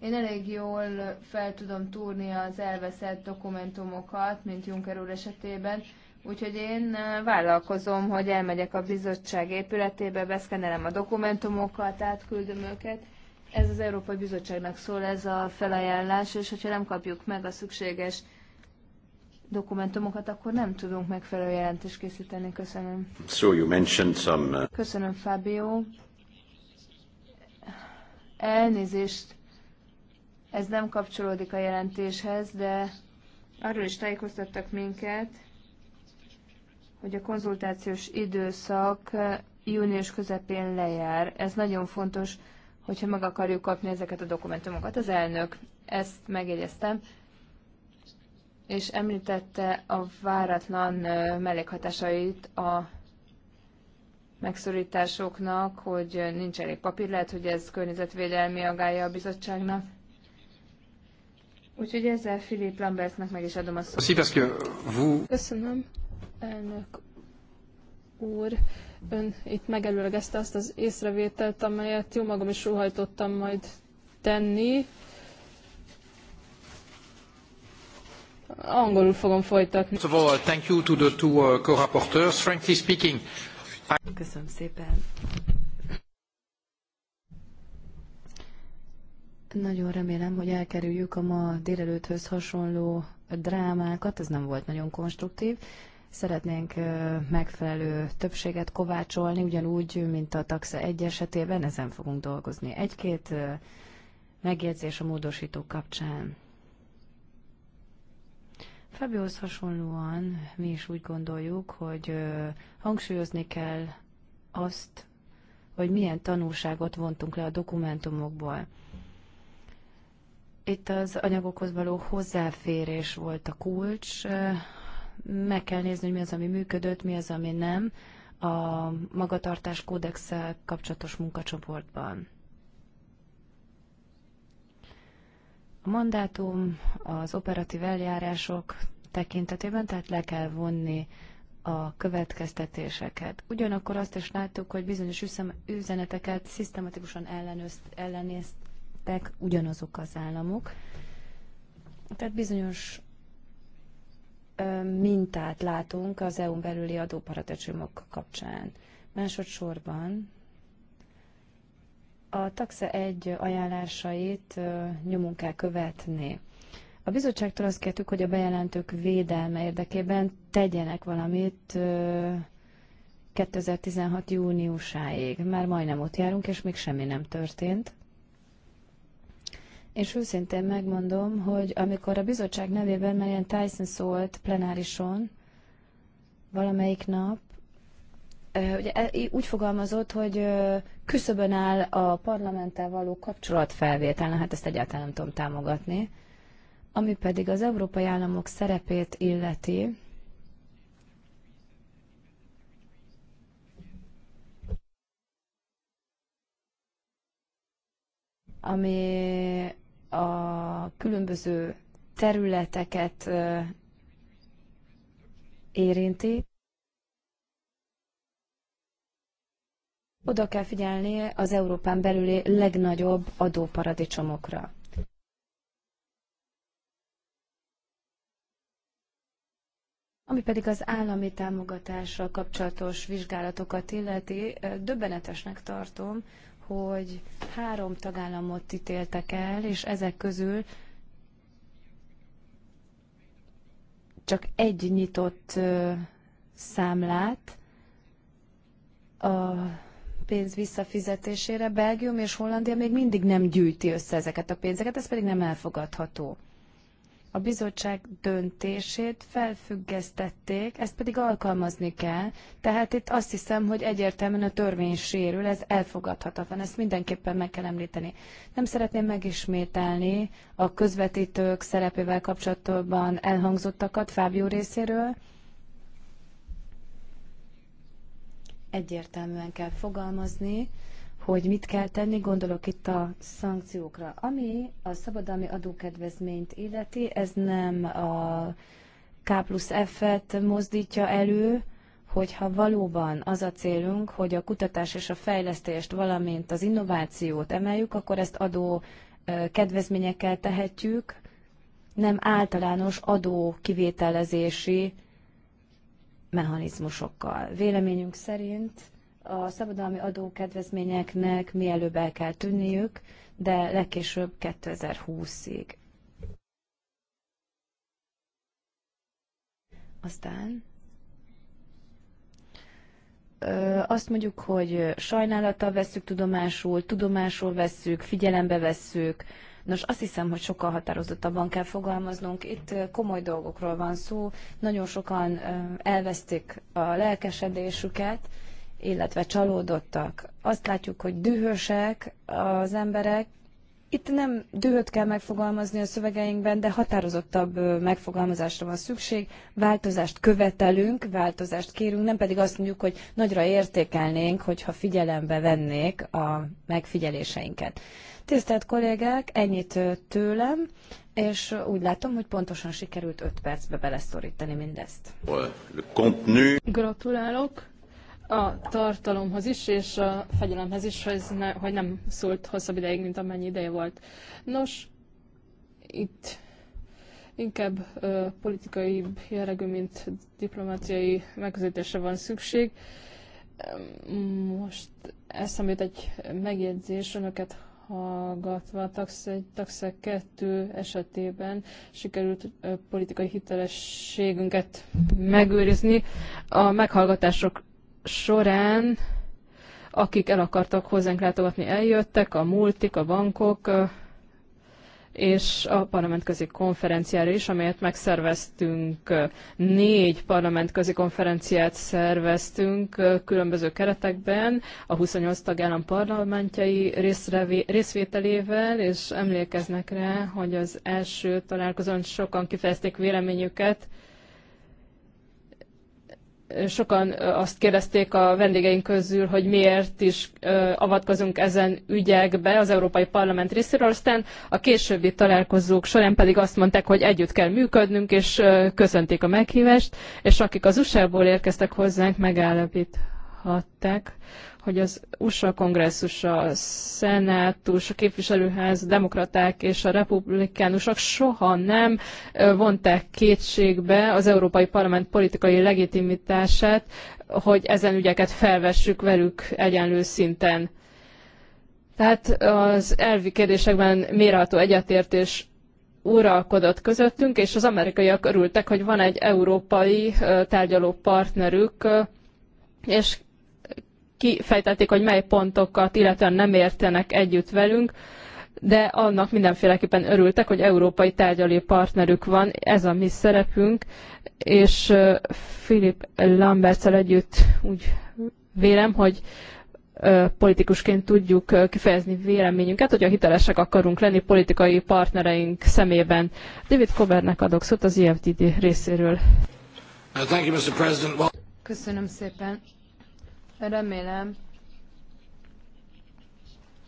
Én elég jól fel tudom túrni az elveszett dokumentumokat, mint Juncker úr esetében, úgyhogy én vállalkozom, hogy elmegyek a bizottság épületébe, beszkenelem a dokumentumokat, átküldöm őket. Ez az Európai Bizottságnak szól ez a felajánlás, és hogyha nem kapjuk meg a szükséges dokumentumokat, akkor nem tudunk megfelelő jelentést készíteni. Köszönöm. So you mentioned some... Uh, Köszönöm, Fábio. Elnézést, ez nem kapcsolódik a jelentéshez, de arról is tájékoztattak minket, hogy a konzultációs időszak uh, június közepén lejár. Ez nagyon fontos, hogyha meg akarjuk kapni ezeket a dokumentumokat. Az elnök, ezt megjegyeztem és említette a váratlan mellékhatásait a megszorításoknak, hogy nincs elég papír, lehet, hogy ez környezetvédelmi agája a bizottságnak. Úgyhogy ezzel Filip Lambertnek meg is adom a szót. Köszönöm, elnök úr. Ön itt megelőlegezte azt az észrevételt, amelyet jó magam is óhajtottam majd tenni, Angolul fogom folytatni. thank you to the two uh, co-rapporteurs. Frankly speaking, Köszönöm szépen. Nagyon remélem, hogy elkerüljük a ma délelőtthöz hasonló drámákat, ez nem volt nagyon konstruktív. Szeretnénk megfelelő többséget kovácsolni, ugyanúgy, mint a taxa egy esetében, ezen fogunk dolgozni. Egy-két megjegyzés a módosító kapcsán. Fabihoz hasonlóan mi is úgy gondoljuk, hogy hangsúlyozni kell azt, hogy milyen tanulságot vontunk le a dokumentumokból. Itt az anyagokhoz való hozzáférés volt a kulcs. Meg kell nézni, hogy mi az, ami működött, mi az, ami nem a magatartás kódexsel kapcsolatos munkacsoportban. A mandátum az operatív eljárások tekintetében, tehát le kell vonni a következtetéseket. Ugyanakkor azt is láttuk, hogy bizonyos üzeneteket szisztematikusan ellenéztek ugyanazok az államok. Tehát bizonyos ö, mintát látunk az EU-n belüli adóparadicsomok kapcsán. Másodszorban a taxa egy ajánlásait nyomon kell követni. A bizottságtól azt kértük, hogy a bejelentők védelme érdekében tegyenek valamit 2016. júniusáig. Már majdnem ott járunk, és még semmi nem történt. És őszintén megmondom, hogy amikor a bizottság nevében Marian Tyson szólt plenárison valamelyik nap, ugye e, úgy fogalmazott, hogy küszöbön áll a parlamenttel való kapcsolatfelvétel, hát ezt egyáltalán nem tudom támogatni. Ami pedig az európai államok szerepét illeti, ami a különböző területeket érinti. Oda kell figyelni az Európán belüli legnagyobb adóparadicsomokra. Ami pedig az állami támogatásra kapcsolatos vizsgálatokat illeti, döbbenetesnek tartom, hogy három tagállamot ítéltek el, és ezek közül csak egy nyitott számlát a pénz visszafizetésére Belgium és Hollandia még mindig nem gyűjti össze ezeket a pénzeket, ez pedig nem elfogadható. A bizottság döntését felfüggesztették, ezt pedig alkalmazni kell, tehát itt azt hiszem, hogy egyértelműen a törvény sérül, ez elfogadhatatlan, ezt mindenképpen meg kell említeni. Nem szeretném megismételni a közvetítők szerepével kapcsolatban elhangzottakat Fábio részéről, egyértelműen kell fogalmazni, hogy mit kell tenni, gondolok itt a szankciókra. Ami a szabadalmi adókedvezményt illeti, ez nem a K plusz F-et mozdítja elő, hogyha valóban az a célunk, hogy a kutatás és a fejlesztést, valamint az innovációt emeljük, akkor ezt adó kedvezményekkel tehetjük, nem általános adó kivételezési mechanizmusokkal. Véleményünk szerint a szabadalmi adókedvezményeknek mielőbb el kell tűnniük, de legkésőbb 2020-ig. Aztán azt mondjuk, hogy sajnálattal veszük tudomásul, tudomásul veszük, figyelembe veszük, Nos, azt hiszem, hogy sokkal határozottabban kell fogalmaznunk. Itt komoly dolgokról van szó. Nagyon sokan elvesztik a lelkesedésüket, illetve csalódottak. Azt látjuk, hogy dühösek az emberek, itt nem dühöt kell megfogalmazni a szövegeinkben, de határozottabb megfogalmazásra van szükség. Változást követelünk, változást kérünk, nem pedig azt mondjuk, hogy nagyra értékelnénk, hogyha figyelembe vennék a megfigyeléseinket. Tisztelt kollégák, ennyit tőlem, és úgy látom, hogy pontosan sikerült 5 percbe beleszorítani mindezt. Gratulálok! a tartalomhoz is, és a fegyelemhez is, hogy, ne, hogy nem szólt hosszabb ideig, mint amennyi ideje volt. Nos, itt inkább ö, politikai jellegű, mint diplomáciai megközelítésre van szükség. Most eszemét egy megjegyzés, önöket hallgatva a TAXE 2 esetében sikerült politikai hitelességünket megőrizni. A meghallgatások során, akik el akartak hozzánk látogatni, eljöttek, a multik, a bankok, és a parlamentközi konferenciára is, amelyet megszerveztünk. Négy parlamentközi konferenciát szerveztünk különböző keretekben, a 28 tagállam parlamentjai részvételével, és emlékeznek rá, hogy az első találkozón sokan kifejezték véleményüket, sokan azt kérdezték a vendégeink közül, hogy miért is avatkozunk ezen ügyekbe az Európai Parlament részéről, aztán a későbbi találkozók során pedig azt mondták, hogy együtt kell működnünk, és köszönték a meghívást, és akik az USA-ból érkeztek hozzánk, megállapíthatták, hogy az USA kongresszus, a szenátus, a képviselőház, a demokraták és a republikánusok soha nem vonták kétségbe az Európai Parlament politikai legitimitását, hogy ezen ügyeket felvessük velük egyenlő szinten. Tehát az elvi kérdésekben mérható egyetértés uralkodott közöttünk, és az amerikaiak örültek, hogy van egy európai tárgyaló partnerük, és kifejtették, hogy mely pontokat illetően nem értenek együtt velünk, de annak mindenféleképpen örültek, hogy európai tárgyaló partnerük van, ez a mi szerepünk, és Philip Lambertsel együtt úgy vélem, hogy politikusként tudjuk kifejezni véleményünket, hogyha hitelesek akarunk lenni politikai partnereink szemében. David Kobernek adok szót az IFDD részéről. Uh, Köszönöm szépen. Remélem,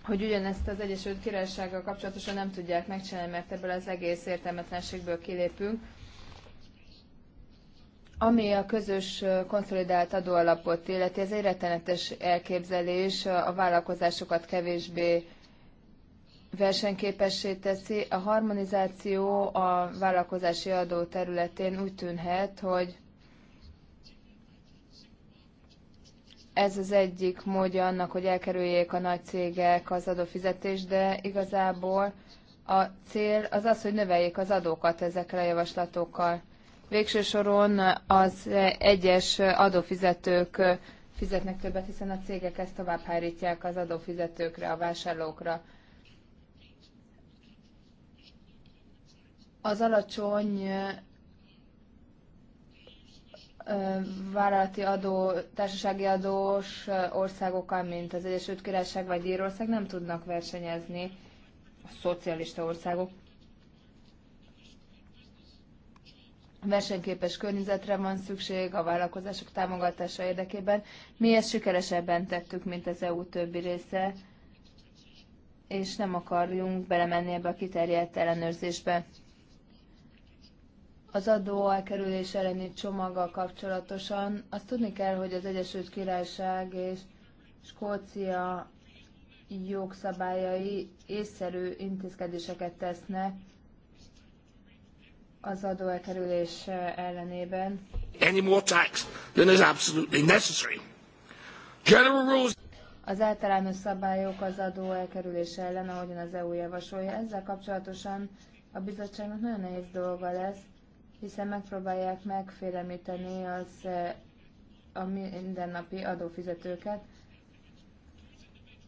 hogy ugyanezt az Egyesült Királysággal kapcsolatosan nem tudják megcsinálni, mert ebből az egész értelmetlenségből kilépünk. Ami a közös konszolidált adóalapot illeti, ez egy rettenetes elképzelés, a vállalkozásokat kevésbé versenyképessé teszi. A harmonizáció a vállalkozási adó területén úgy tűnhet, hogy ez az egyik módja annak, hogy elkerüljék a nagy cégek az adófizetést, de igazából a cél az az, hogy növeljék az adókat ezekkel a javaslatokkal. Végső soron az egyes adófizetők fizetnek többet, hiszen a cégek ezt tovább hárítják az adófizetőkre, a vásárlókra. Az alacsony vállalati adó, társasági adós országokkal, mint az Egyesült Királyság vagy Írország nem tudnak versenyezni a szocialista országok. Versenyképes környezetre van szükség a vállalkozások támogatása érdekében. Mi ezt sikeresebben tettük, mint az EU többi része, és nem akarjunk belemenni ebbe a kiterjedt ellenőrzésbe. Az adó elkerülés elleni csomaggal kapcsolatosan azt tudni kell, hogy az Egyesült Királyság és Skócia jogszabályai észszerű intézkedéseket tesznek az adóelkerülés ellenében. Any more tax than is absolutely necessary. General rules. Az általános szabályok az adó elkerülés ellen, ahogyan az EU javasolja. Ezzel kapcsolatosan a bizottságnak nagyon nehéz dolga lesz, hiszen megpróbálják megfélemlíteni az eh, a mindennapi adófizetőket.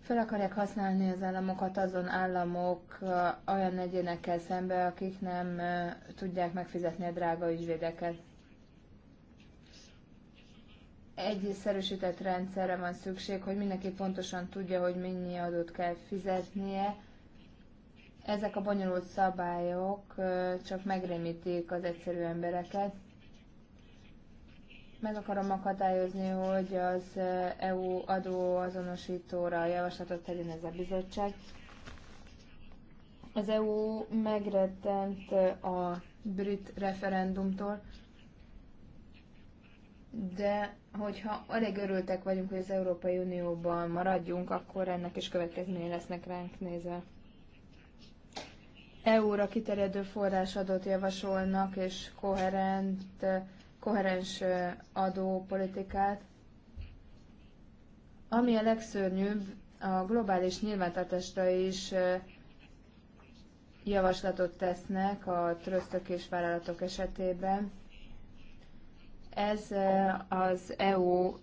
Fel akarják használni az államokat azon államok eh, olyan egyénekkel szembe, akik nem eh, tudják megfizetni a drága ügyvédeket. Egy szerűsített rendszerre van szükség, hogy mindenki pontosan tudja, hogy mennyi adót kell fizetnie, ezek a bonyolult szabályok csak megrémítik az egyszerű embereket. Meg akarom akadályozni, hogy az EU adóazonosítóra javaslatot tegyen ez a bizottság. Az EU megrettent a brit referendumtól, de hogyha elég örültek vagyunk, hogy az Európai Unióban maradjunk, akkor ennek is következményei lesznek ránk nézve. EU-ra kiterjedő forrásadót javasolnak, és koherent, koherens adópolitikát. Ami a legszörnyűbb, a globális nyilvántartásra is javaslatot tesznek a trösztök és vállalatok esetében. Ez az EU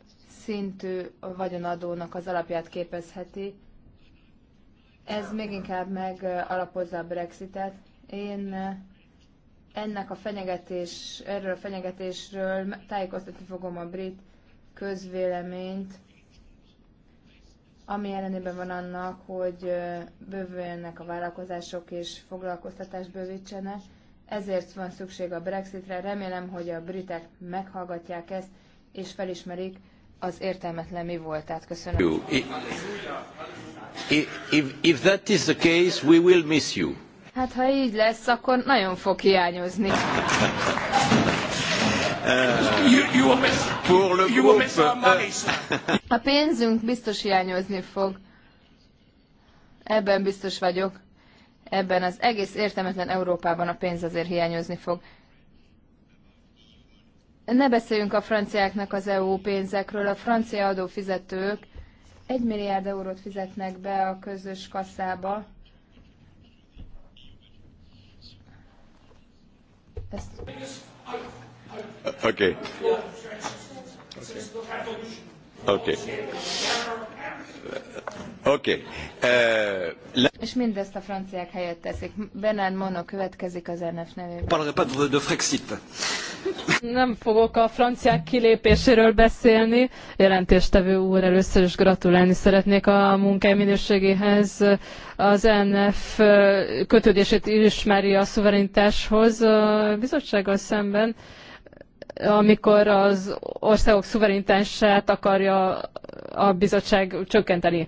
szintű vagyonadónak az alapját képezheti, ez még inkább megalapozza a Brexitet. Én eh, ennek a fenyegetés, erről a fenyegetésről tájékoztatni fogom a brit közvéleményt, ami ellenében van annak, hogy eh, bővüljenek a vállalkozások és foglalkoztatást bővítsenek. Ezért van szükség a Brexitre. Remélem, hogy a britek meghallgatják ezt és felismerik, az értelmetlen mi voltát. Köszönöm. If, if that is the case, we will miss you. Hát ha így lesz, akkor nagyon fog hiányozni. A pénzünk biztos hiányozni fog. Ebben biztos vagyok. Ebben az egész értelmetlen Európában a pénz azért hiányozni fog. Ne beszéljünk a franciáknak az EU pénzekről. A francia adófizetők egy milliárd eurót fizetnek be a közös kasszába. Ezt... Okay. okay. Uh, És mindezt a franciák helyett teszik. Bernard Mono következik az NF nevében. Nem fogok a franciák kilépéséről beszélni. Jelentéstevő úr, először is gratulálni szeretnék a munkái Az NF kötődését ismeri a szuverenitáshoz a bizottsággal szemben. Uh, amikor az országok szuverenitását akarja a bizottság csökkenteni.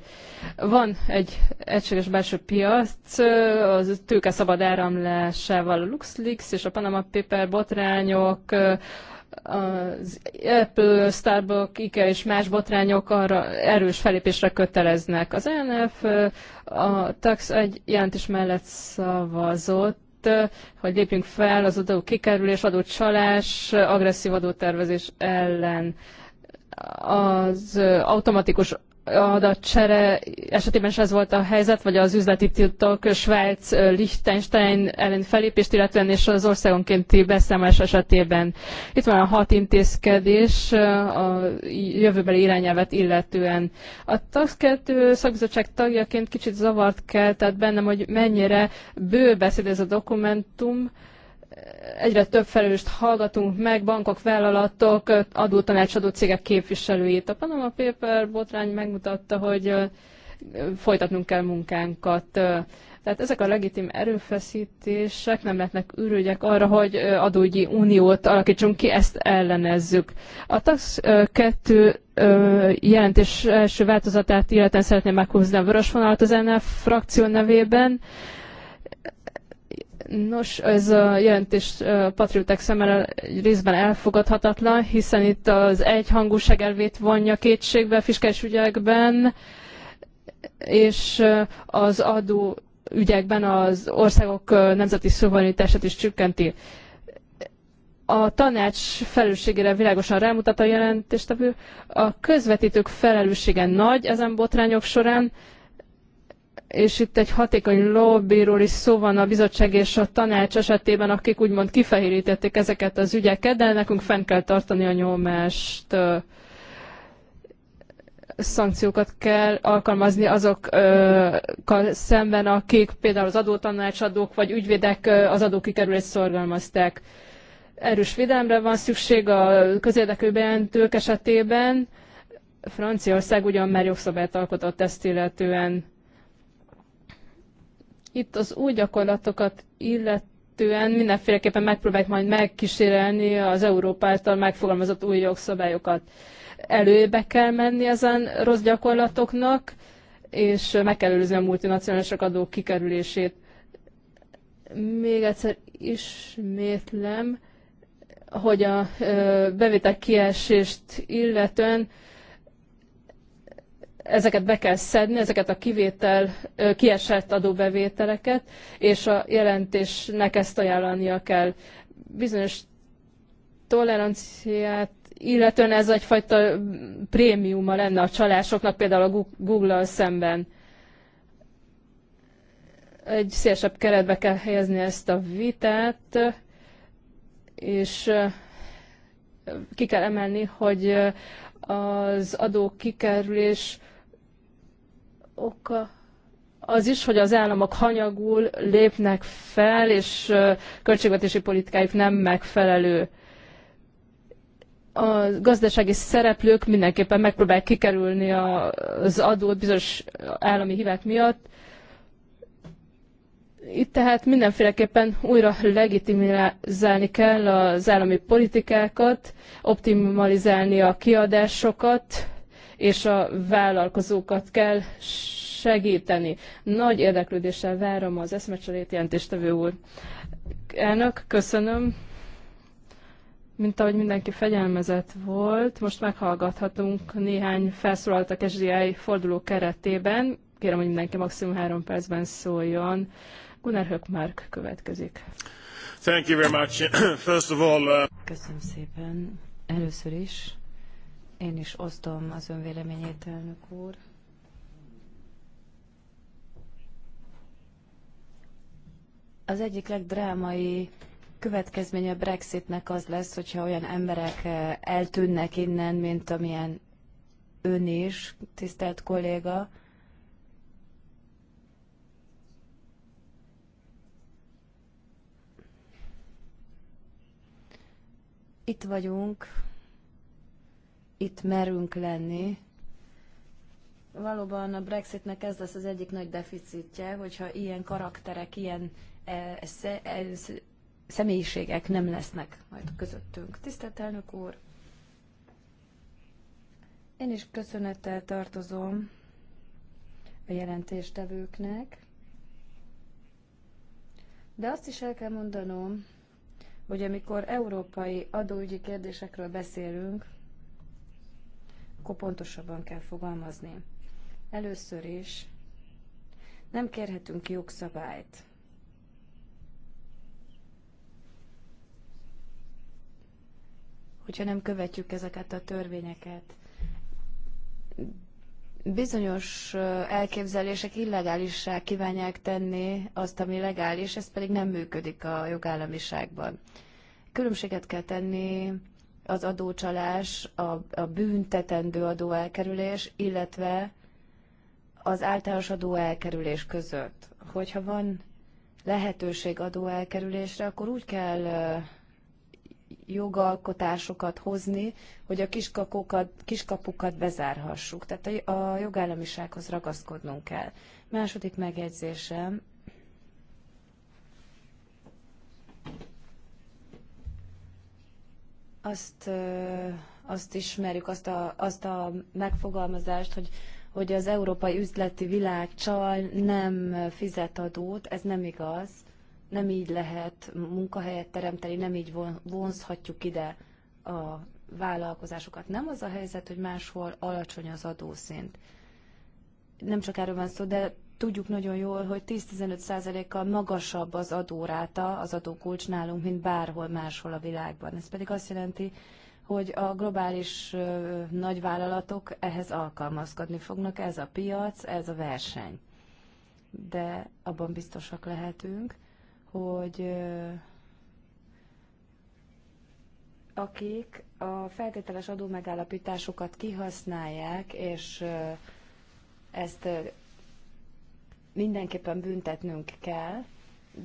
Van egy egységes belső piac, az tőke szabad áramlásával a LuxLeaks és a Panama Paper botrányok, az Apple, Starbucks, IKEA és más botrányok arra erős felépésre köteleznek. Az ENF a TAX egy jelentés mellett szavazott, itt, hogy lépjünk fel az adó kikerülés, csalás, agresszív adótervezés ellen az automatikus adatcsere esetében is ez volt a helyzet, vagy az üzleti tiltok Svájc, Liechtenstein ellen felépést, illetően és az országonkénti beszámolás esetében. Itt van a hat intézkedés a jövőbeli irányelvet illetően. A TAX 2 szakbizottság tagjaként kicsit zavart keltett tehát bennem, hogy mennyire bő beszéd ez a dokumentum, egyre több felelőst hallgatunk meg, bankok, vállalatok, adótanácsadó cégek képviselőjét. A Panama Paper botrány megmutatta, hogy folytatnunk kell munkánkat. Tehát ezek a legitim erőfeszítések nem lehetnek ürügyek arra, hogy adógyi uniót alakítsunk ki, ezt ellenezzük. A TAX 2 jelentés első változatát illetően szeretném meghúzni a vörös vonalat az NF frakció nevében. Nos, ez a jelentés patrióták szemmel részben elfogadhatatlan, hiszen itt az egyhangúság elvét vonja kétségbe fiskális ügyekben, és az adó ügyekben az országok nemzeti szuverenitását is csökkenti. A tanács felelősségére világosan rámutat a jelentéstevő. A közvetítők felelőssége nagy ezen botrányok során, és itt egy hatékony lobbyról is szó van a bizottság és a tanács esetében, akik úgymond kifehérítették ezeket az ügyeket, de nekünk fenn kell tartani a nyomást, szankciókat kell alkalmazni azokkal szemben, akik például az adótanácsadók vagy ügyvédek az adókikerülést szorgalmazták. Erős védelemre van szükség a közérdekű bejelentők esetében. Franciaország ugyan már jogszabályt alkotott ezt illetően itt az új gyakorlatokat illetően mindenféleképpen megpróbálják majd megkísérelni az Európa által megfogalmazott új jogszabályokat. Előbe kell menni ezen rossz gyakorlatoknak, és meg kell előzni a multinacionálisok adók kikerülését. Még egyszer ismétlem, hogy a bevétel kiesést illetően ezeket be kell szedni, ezeket a kivétel, kiesett adóbevételeket, és a jelentésnek ezt ajánlania kell. Bizonyos toleranciát illetően ez egyfajta prémiuma lenne a csalásoknak, például a Google-al szemben. Egy szélesebb keretbe kell helyezni ezt a vitát, és ki kell emelni, hogy az adó kikerülés oka az is, hogy az államok hanyagul lépnek fel, és költségvetési politikájuk nem megfelelő. A gazdasági szereplők mindenképpen megpróbálják kikerülni az adót bizonyos állami hívek miatt. Itt tehát mindenféleképpen újra legitimizálni kell az állami politikákat, optimalizálni a kiadásokat, és a vállalkozókat kell segíteni. Nagy érdeklődéssel várom az eszmecserét, jelentéstevő úr. Elnök, köszönöm. Mint ahogy mindenki fegyelmezett volt, most meghallgathatunk néhány felszólalt a KSDI forduló keretében. Kérem, hogy mindenki maximum három percben szóljon. Gunnar Hökmark következik. Thank you very much. First of all, uh... Köszönöm szépen. Először is én is osztom az ön véleményét, elnök úr. Az egyik legdrámai következménye a Brexitnek az lesz, hogyha olyan emberek eh, eltűnnek innen, mint amilyen ön is, tisztelt kolléga. Itt vagyunk, itt merünk lenni. Valóban a Brexitnek ez lesz az egyik nagy deficitje, hogyha ilyen karakterek, ilyen e, e sze, e, személyiségek nem lesznek majd közöttünk. Tisztelt elnök úr! Én is köszönettel tartozom a jelentéstevőknek, de azt is el kell mondanom, hogy amikor európai adóügyi kérdésekről beszélünk, akkor pontosabban kell fogalmazni. Először is nem kérhetünk jogszabályt. hogyha nem követjük ezeket a törvényeket. Bizonyos elképzelések illegálissá kívánják tenni azt, ami legális, ez pedig nem működik a jogállamiságban. Különbséget kell tenni az adócsalás, a, a büntetendő adóelkerülés, illetve az általános adóelkerülés között. Hogyha van lehetőség adóelkerülésre, akkor úgy kell jogalkotásokat hozni, hogy a kiskapukat, kiskapukat bezárhassuk. Tehát a jogállamisághoz ragaszkodnunk kell. Második megjegyzésem, azt, azt ismerjük, azt a, azt a megfogalmazást, hogy, hogy az európai üzleti világ csal nem fizet adót, ez nem igaz, nem így lehet munkahelyet teremteni, nem így vonzhatjuk ide a vállalkozásokat. Nem az a helyzet, hogy máshol alacsony az adószint. Nem csak erről van szó, de tudjuk nagyon jól, hogy 10-15%-kal magasabb az adóráta, az adókulcs nálunk, mint bárhol máshol a világban. Ez pedig azt jelenti, hogy a globális nagyvállalatok ehhez alkalmazkodni fognak, ez a piac, ez a verseny. De abban biztosak lehetünk, hogy akik a feltételes adómegállapításokat kihasználják, és ezt mindenképpen büntetnünk kell,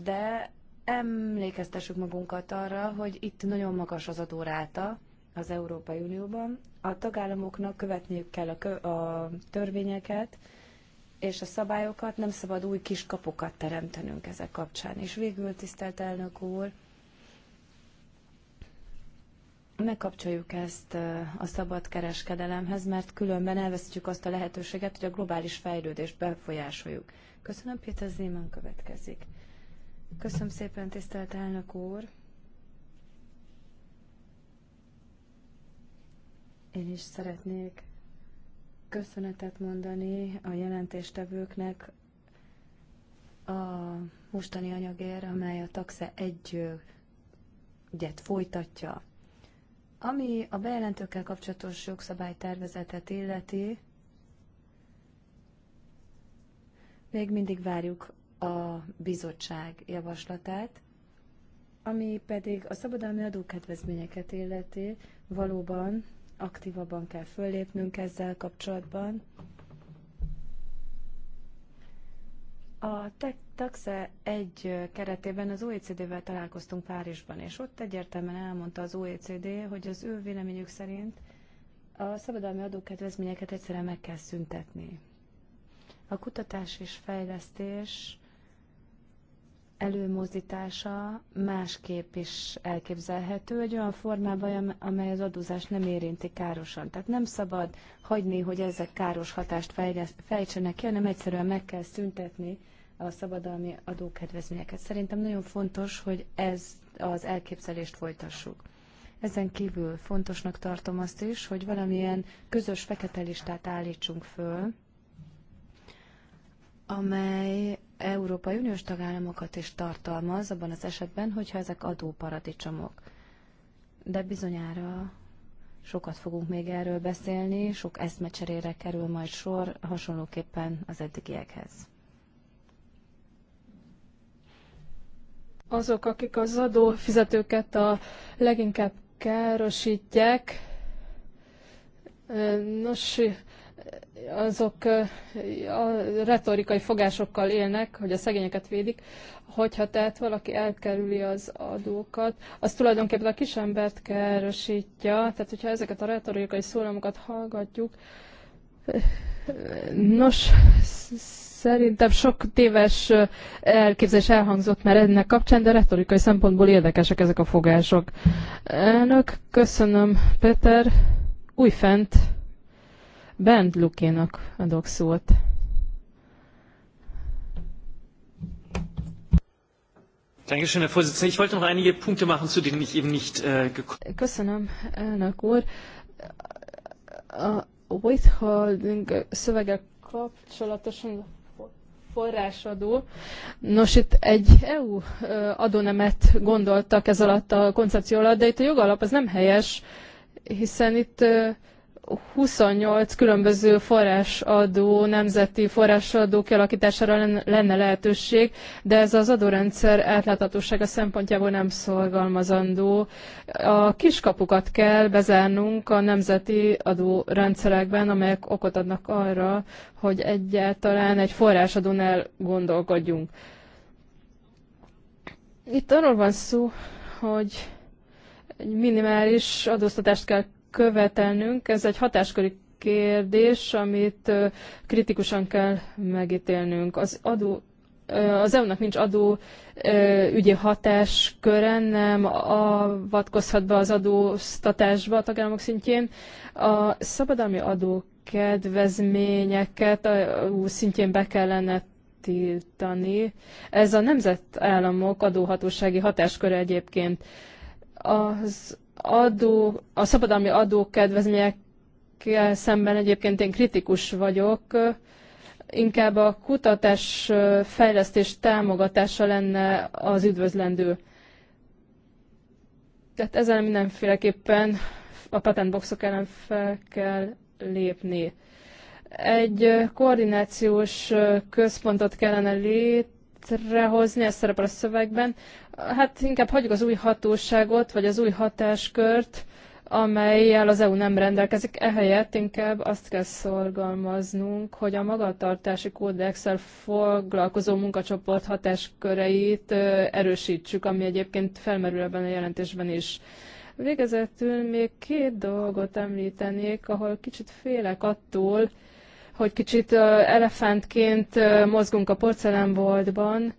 de emlékeztessük magunkat arra, hogy itt nagyon magas az adóráta az Európai Unióban. A tagállamoknak követniük kell a, kö a törvényeket és a szabályokat, nem szabad új kiskapukat teremtenünk ezek kapcsán. És végül, tisztelt elnök úr, ne kapcsoljuk ezt a szabad kereskedelemhez, mert különben elveszítjük azt a lehetőséget, hogy a globális fejlődést befolyásoljuk. Köszönöm, Péter Zéman következik. Köszönöm szépen, tisztelt elnök úr! Én is szeretnék köszönetet mondani a jelentéstevőknek a mostani anyagért, amely a taxa egy ügyet folytatja. Ami a bejelentőkkel kapcsolatos jogszabálytervezetet illeti, még mindig várjuk a bizottság javaslatát, ami pedig a szabadalmi adókedvezményeket illeti, valóban aktívabban kell föllépnünk ezzel kapcsolatban. A TAXE egy keretében az OECD-vel találkoztunk Párizsban, és ott egyértelműen elmondta az OECD, hogy az ő véleményük szerint a szabadalmi adókedvezményeket egyszerűen meg kell szüntetni. A kutatás és fejlesztés előmozdítása másképp is elképzelhető, egy olyan formában, amely az adózást nem érinti károsan. Tehát nem szabad hagyni, hogy ezek káros hatást fejtsenek ki, hanem egyszerűen meg kell szüntetni a szabadalmi adókedvezményeket. Szerintem nagyon fontos, hogy ez az elképzelést folytassuk. Ezen kívül fontosnak tartom azt is, hogy valamilyen közös fekete listát állítsunk föl, amely Európai Uniós tagállamokat is tartalmaz abban az esetben, hogyha ezek adóparadicsomok. De bizonyára sokat fogunk még erről beszélni, sok eszmecserére kerül majd sor, hasonlóképpen az eddigiekhez. Azok, akik az adófizetőket a leginkább károsítják, eh, nos, azok a retorikai fogásokkal élnek, hogy a szegényeket védik, hogyha tehát valaki elkerüli az adókat, az tulajdonképpen a kisembert károsítja, tehát hogyha ezeket a retorikai szólamokat hallgatjuk, nos, szerintem sok téves elképzelés elhangzott már ennek kapcsán, de retorikai szempontból érdekesek ezek a fogások. Elnök, köszönöm, Peter, újfent! Bent Lukénak adok szót. Köszönöm, elnök úr. A withholding szöveggel kapcsolatosan forrásadó. Nos, itt egy EU adónemet gondoltak ez alatt a koncepció alatt, de itt a jogalap az nem helyes, hiszen itt 28 különböző forrásadó, nemzeti forrásadó kialakítására lenne lehetőség, de ez az adórendszer átláthatósága szempontjából nem szorgalmazandó. A kiskapukat kell bezárnunk a nemzeti adórendszerekben, amelyek okot adnak arra, hogy egyáltalán egy forrásadón elgondolkodjunk. Itt arról van szó, hogy egy minimális adóztatást kell követelnünk. Ez egy hatásköri kérdés, amit kritikusan kell megítélnünk. Az adó az EU-nak nincs adó ügyi hatásköre, nem avatkozhat be az adóztatásba a tagállamok szintjén. A szabadalmi adó kedvezményeket a EU szintjén be kellene tiltani. Ez a nemzetállamok adóhatósági hatásköre egyébként. Az adó, a szabadalmi adókedvezményekkel szemben egyébként én kritikus vagyok, inkább a kutatás fejlesztés támogatása lenne az üdvözlendő. Tehát ezzel mindenféleképpen a patentboxok ellen fel kell lépni. Egy koordinációs központot kellene létrehozni, ez szerepel a szövegben, hát inkább hagyjuk az új hatóságot, vagy az új hatáskört, amelyel az EU nem rendelkezik. Ehelyett inkább azt kell szorgalmaznunk, hogy a magatartási kódexel foglalkozó munkacsoport hatásköreit erősítsük, ami egyébként felmerül ebben a jelentésben is. Végezetül még két dolgot említenék, ahol kicsit félek attól, hogy kicsit elefántként mozgunk a porcelánboltban,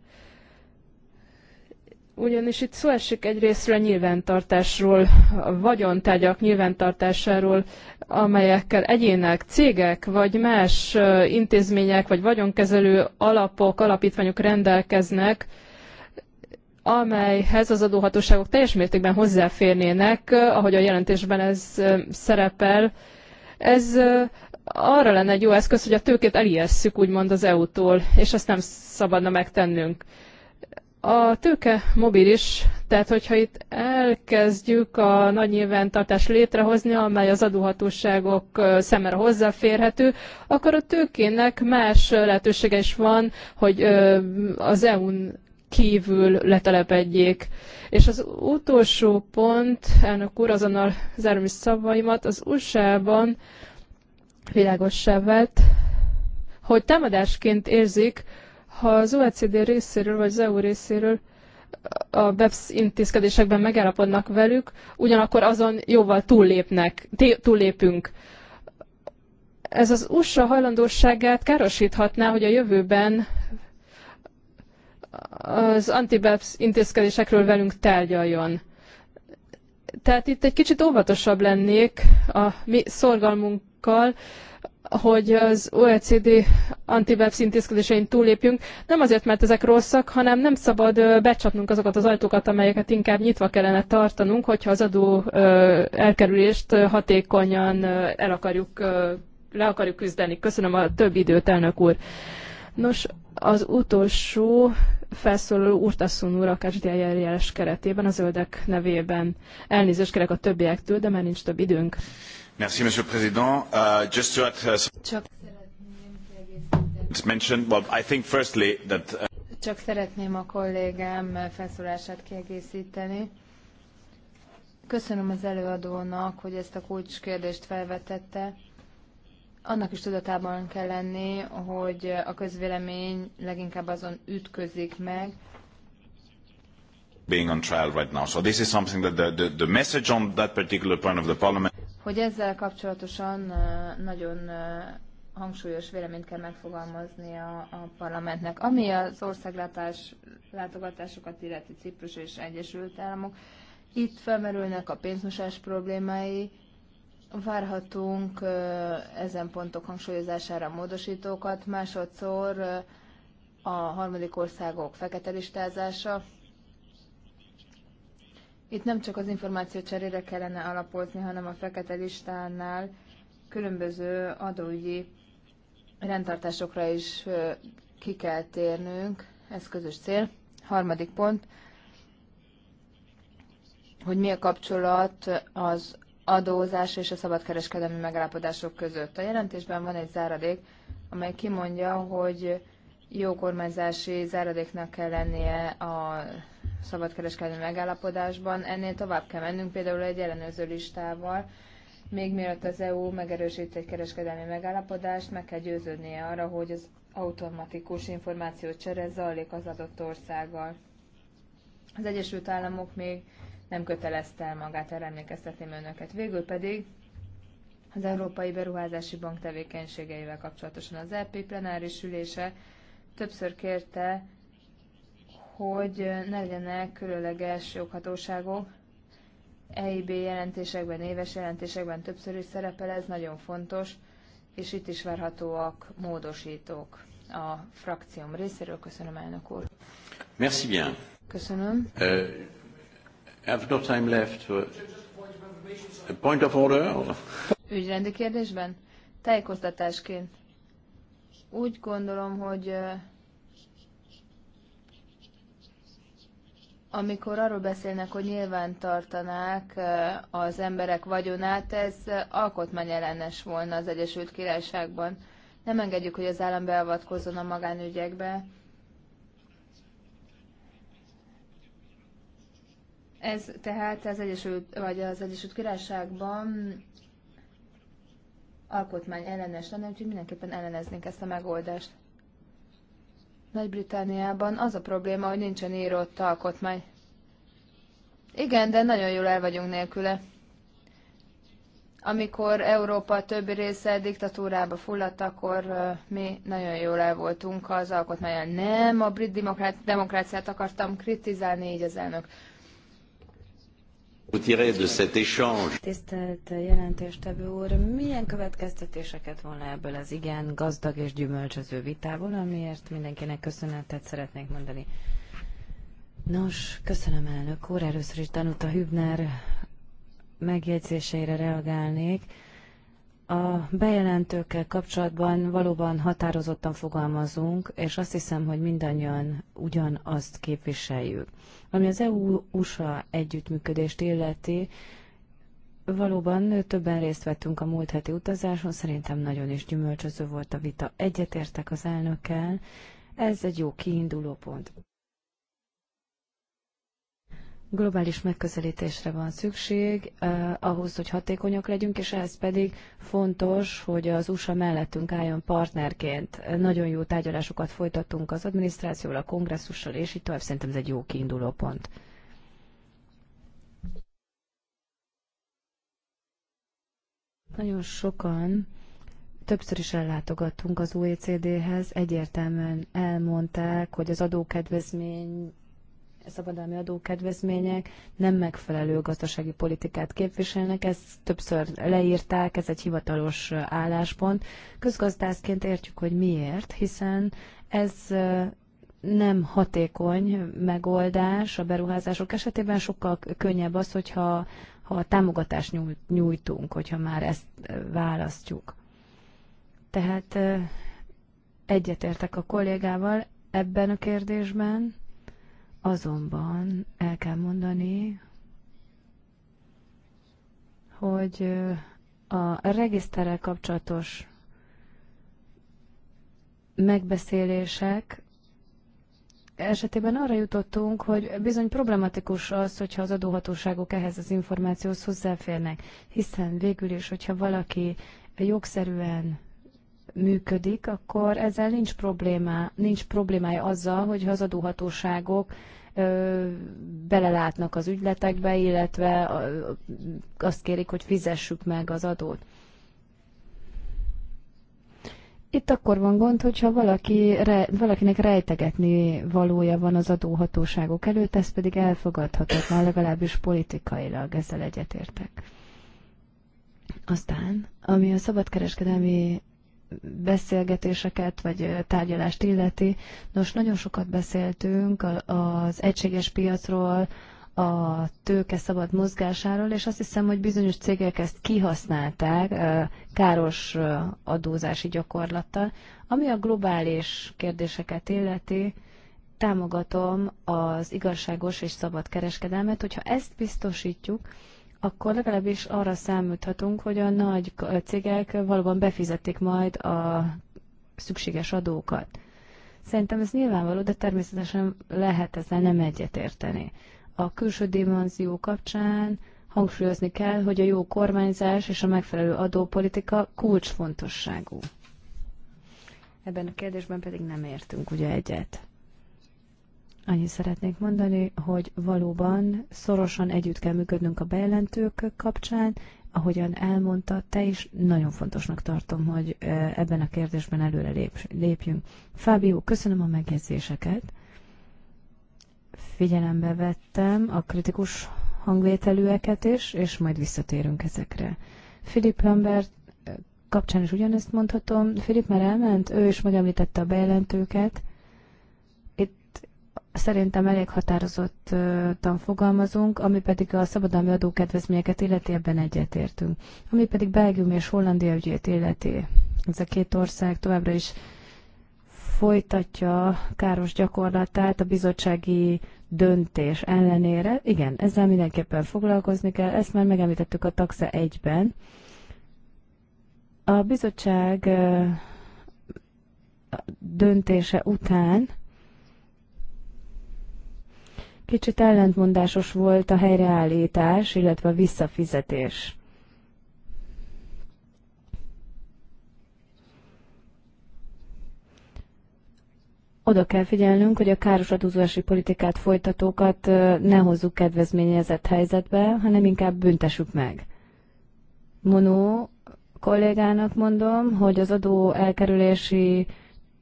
ugyanis itt szó esik egyrésztről a nyilvántartásról, a vagyontárgyak nyilvántartásáról, amelyekkel egyének, cégek vagy más intézmények vagy vagyonkezelő alapok, alapítványok rendelkeznek, amelyhez az adóhatóságok teljes mértékben hozzáférnének, ahogy a jelentésben ez szerepel. Ez arra lenne egy jó eszköz, hogy a tőkét elijesszük úgymond az EU-tól, és ezt nem szabadna megtennünk. A tőke mobilis, tehát hogyha itt elkezdjük a nagy nyilvántartást létrehozni, amely az adóhatóságok szemre hozzáférhető, akkor a tőkének más lehetősége is van, hogy az EU-n kívül letelepedjék. És az utolsó pont, elnök úr, azonnal zárom is szavaimat, az USA-ban világossá vált, hogy támadásként érzik, ha az OECD részéről, vagy az EU részéről a BEPS intézkedésekben megállapodnak velük, ugyanakkor azon jóval túllépnek, túllépünk. Ez az USA hajlandóságát károsíthatná, hogy a jövőben az anti-BEPS intézkedésekről velünk tárgyaljon. Tehát itt egy kicsit óvatosabb lennék a mi szorgalmunkkal, hogy az OECD anti intézkedésein túllépjünk, nem azért, mert ezek rosszak, hanem nem szabad becsapnunk azokat az ajtókat, amelyeket inkább nyitva kellene tartanunk, hogyha az adó elkerülést hatékonyan el akarjuk, le akarjuk küzdeni. Köszönöm a több időt, elnök úr. Nos, az utolsó felszólaló Urtasun úr a eljárás keretében, a zöldek nevében. Elnézést kérek a többiektől, de már nincs több időnk. Merci, Monsieur le Président. Uh, just to add, uh, Csak mentioned, well, I think firstly that, uh... Csak szeretném a kollégám felszólását kiegészíteni. Köszönöm az előadónak, hogy ezt a kulcskérdést felvetette. Annak is tudatában kell lenni, hogy a közvélemény leginkább azon ütközik meg, being on trial right now. So this is something that the, the, the message on that particular point of the parliament. Hogy ezzel kapcsolatosan uh, nagyon uh, hangsúlyos véleményt kell megfogalmazni a, a parlamentnek. Ami az országlátás látogatásokat illeti Ciprus és Egyesült Államok, itt felmerülnek a pénzmosás problémái, várhatunk uh, ezen pontok hangsúlyozására módosítókat, másodszor a harmadik országok fekete listázása, itt nem csak az információ cserére kellene alapozni, hanem a fekete listánál különböző adóügyi rendtartásokra is ki kell térnünk, ez közös cél. Harmadik pont, hogy mi a kapcsolat az adózás és a szabadkereskedelmi megállapodások között. A jelentésben van egy záradék, amely kimondja, hogy jó kormányzási záradéknak kell lennie a szabadkereskedelmi megállapodásban. Ennél tovább kell mennünk, például egy ellenőrző listával. Még mielőtt az EU megerősít egy kereskedelmi megállapodást, meg kell győződnie arra, hogy az automatikus csere zajlik az adott országgal. Az Egyesült Államok még nem kötelezte el magát, erre emlékeztetném önöket. Végül pedig az Európai Beruházási Bank tevékenységeivel kapcsolatosan az EP plenáris ülése többször kérte hogy ne legyenek különleges joghatóságok. EIB jelentésekben, éves jelentésekben többször is szerepel, ez nagyon fontos, és itt is várhatóak módosítók a frakcióm részéről. Köszönöm, elnök úr. Merci bien. Köszönöm. Uh, have no time left. For... A point of order? Or... Ügyrendi kérdésben? Tájékoztatásként. Úgy gondolom, hogy uh, amikor arról beszélnek, hogy nyilván tartanák az emberek vagyonát, ez alkotmányellenes volna az Egyesült Királyságban. Nem engedjük, hogy az állam beavatkozzon a magánügyekbe. Ez tehát az Egyesült, vagy az Egyesült Királyságban alkotmány ellenes lenne, úgyhogy mindenképpen elleneznénk ezt a megoldást. Nagy-Britániában az a probléma, hogy nincsen írott alkotmány. Igen, de nagyon jól el vagyunk nélküle. Amikor Európa többi része diktatúrába fulladt, akkor mi nagyon jól el voltunk az alkotmányon. Nem a brit demokráciát akartam kritizálni, így az elnök. Tisztelt jelentéstevő úr, milyen következtetéseket volna ebből az igen gazdag és gyümölcsöző vitából, amiért mindenkinek köszönetet szeretnék mondani? Nos, köszönöm elnök úr, először is Danuta Hübner megjegyzéseire reagálnék a bejelentőkkel kapcsolatban valóban határozottan fogalmazunk, és azt hiszem, hogy mindannyian ugyanazt képviseljük. Ami az EU-USA együttműködést illeti, valóban többen részt vettünk a múlt heti utazáson, szerintem nagyon is gyümölcsöző volt a vita. Egyetértek az elnökkel, ez egy jó kiinduló pont globális megközelítésre van szükség eh, ahhoz, hogy hatékonyak legyünk, és ehhez pedig fontos, hogy az USA mellettünk álljon partnerként. Nagyon jó tárgyalásokat folytatunk az adminisztrációval, a kongresszussal, és így tovább. Szerintem ez egy jó kiinduló pont. Nagyon sokan többször is ellátogattunk az OECD-hez, egyértelműen elmondták, hogy az adókedvezmény szabadalmi adókedvezmények nem megfelelő gazdasági politikát képviselnek, ezt többször leírták, ez egy hivatalos álláspont. Közgazdászként értjük, hogy miért, hiszen ez nem hatékony megoldás a beruházások esetében, sokkal könnyebb az, hogyha ha a támogatást nyújtunk, hogyha már ezt választjuk. Tehát egyetértek a kollégával ebben a kérdésben. Azonban el kell mondani, hogy a regiszterrel kapcsolatos megbeszélések esetében arra jutottunk, hogy bizony problematikus az, hogyha az adóhatóságok ehhez az információhoz hozzáférnek, hiszen végül is, hogyha valaki jogszerűen működik, akkor ezzel nincs, problémá, nincs problémája azzal, hogy az adóhatóságok belelátnak az ügyletekbe, illetve azt kérik, hogy fizessük meg az adót. Itt akkor van gond, hogyha valaki, re, valakinek rejtegetni valója van az adóhatóságok előtt, ez pedig elfogadhatatlan, legalábbis politikailag ezzel egyetértek. Aztán, ami a szabadkereskedelmi beszélgetéseket vagy tárgyalást illeti. Nos, nagyon sokat beszéltünk az egységes piacról, a tőke szabad mozgásáról, és azt hiszem, hogy bizonyos cégek ezt kihasználták káros adózási gyakorlattal. Ami a globális kérdéseket illeti, támogatom az igazságos és szabad kereskedelmet, hogyha ezt biztosítjuk, akkor legalábbis arra számíthatunk, hogy a nagy cégek valóban befizetik majd a szükséges adókat. Szerintem ez nyilvánvaló, de természetesen lehet ezzel nem egyetérteni. A külső dimenzió kapcsán hangsúlyozni kell, hogy a jó kormányzás és a megfelelő adópolitika kulcsfontosságú. Ebben a kérdésben pedig nem értünk ugye egyet. Annyit szeretnék mondani, hogy valóban szorosan együtt kell működnünk a bejelentők kapcsán. Ahogyan elmondta, te is nagyon fontosnak tartom, hogy ebben a kérdésben előre lépjünk. Fábio, köszönöm a megjegyzéseket. Figyelembe vettem a kritikus hangvételűeket is, és majd visszatérünk ezekre. Philip Lambert kapcsán is ugyanezt mondhatom. Philip már elment, ő is megemlítette a bejelentőket szerintem elég határozottan fogalmazunk, ami pedig a szabadalmi adókedvezményeket illeti, ebben egyetértünk. Ami pedig Belgium és Hollandia ügyét illeti. Ez a két ország továbbra is folytatja káros gyakorlatát a bizottsági döntés ellenére. Igen, ezzel mindenképpen foglalkozni kell, ezt már megemlítettük a taxa 1-ben. A bizottság döntése után Kicsit ellentmondásos volt a helyreállítás, illetve a visszafizetés. Oda kell figyelnünk, hogy a káros adózási politikát folytatókat ne hozzuk kedvezményezett helyzetbe, hanem inkább büntessük meg. Monó kollégának mondom, hogy az adó elkerülési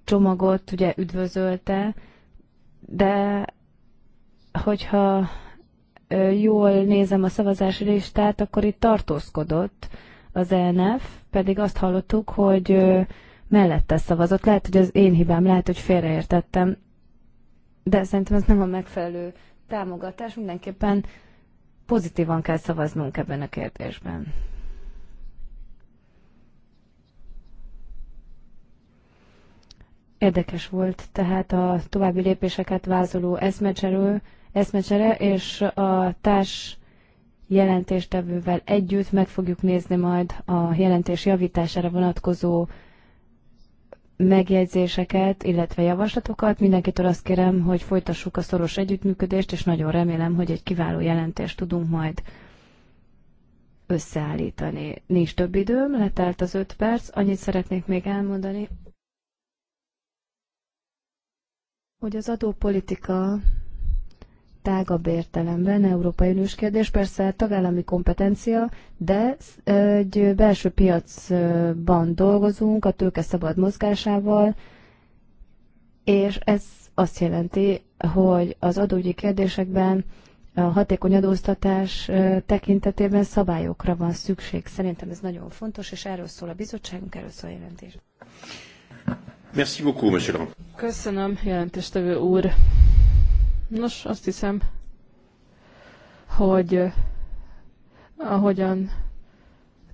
csomagot ugye üdvözölte, de hogyha jól nézem a szavazási listát, akkor itt tartózkodott az ENF, pedig azt hallottuk, hogy mellette szavazott. Lehet, hogy az én hibám, lehet, hogy félreértettem, de szerintem ez nem a megfelelő támogatás. Mindenképpen pozitívan kell szavaznunk ebben a kérdésben. Érdekes volt tehát a további lépéseket vázoló eszmecserő, eszmecsere, és a társ jelentéstevővel együtt meg fogjuk nézni majd a jelentés javítására vonatkozó megjegyzéseket, illetve javaslatokat. Mindenkitől azt kérem, hogy folytassuk a szoros együttműködést, és nagyon remélem, hogy egy kiváló jelentést tudunk majd összeállítani. Nincs több időm, letelt az öt perc, annyit szeretnék még elmondani, hogy az adópolitika tágabb értelemben Európai Uniós kérdés, persze tagállami kompetencia, de egy belső piacban dolgozunk a tőke szabad mozgásával, és ez azt jelenti, hogy az adógyi kérdésekben a hatékony adóztatás tekintetében szabályokra van szükség. Szerintem ez nagyon fontos, és erről szól a bizottságunk, erről szól a jelentés. Merci beaucoup, monsieur Köszönöm, jelentéstevő úr. Nos, azt hiszem, hogy eh, ahogyan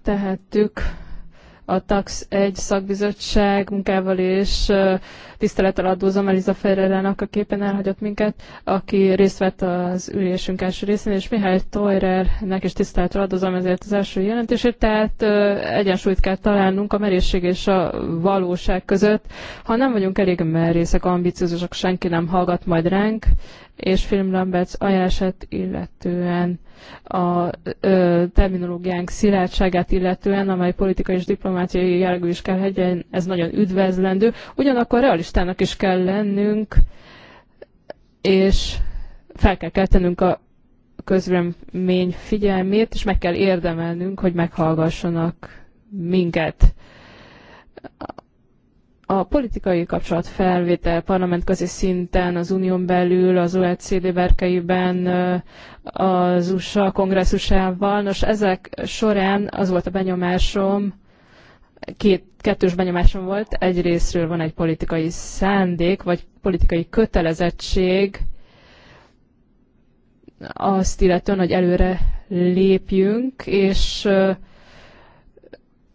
tehettük, a TAX egy szakbizottság munkával és eh, tisztelettel adózom Eliza Ferrerának, a képen elhagyott minket, aki részt vett az ülésünk első részén, és Mihály Toyrernek is tisztelettel adózom ezért az első jelentését, tehát eh, egyensúlyt kell találnunk a merészség és a valóság között. Ha nem vagyunk elég merészek, ambiciózusok, senki nem hallgat majd ránk, és Film Lamberts ajánlását illetően a ö, terminológiánk szilárdságát illetően, amely politikai és diplomáciai jellegű is kell legyen, ez nagyon üdvözlendő. Ugyanakkor realistának is kell lennünk, és fel kell keltenünk a közvélemény figyelmét, és meg kell érdemelnünk, hogy meghallgassanak minket a politikai kapcsolat felvétel parlamentközi szinten, az unión belül, az OECD berkeiben, az USA kongresszusával. Nos, ezek során az volt a benyomásom, két, kettős benyomásom volt, részről van egy politikai szándék, vagy politikai kötelezettség, azt illetően, hogy előre lépjünk, és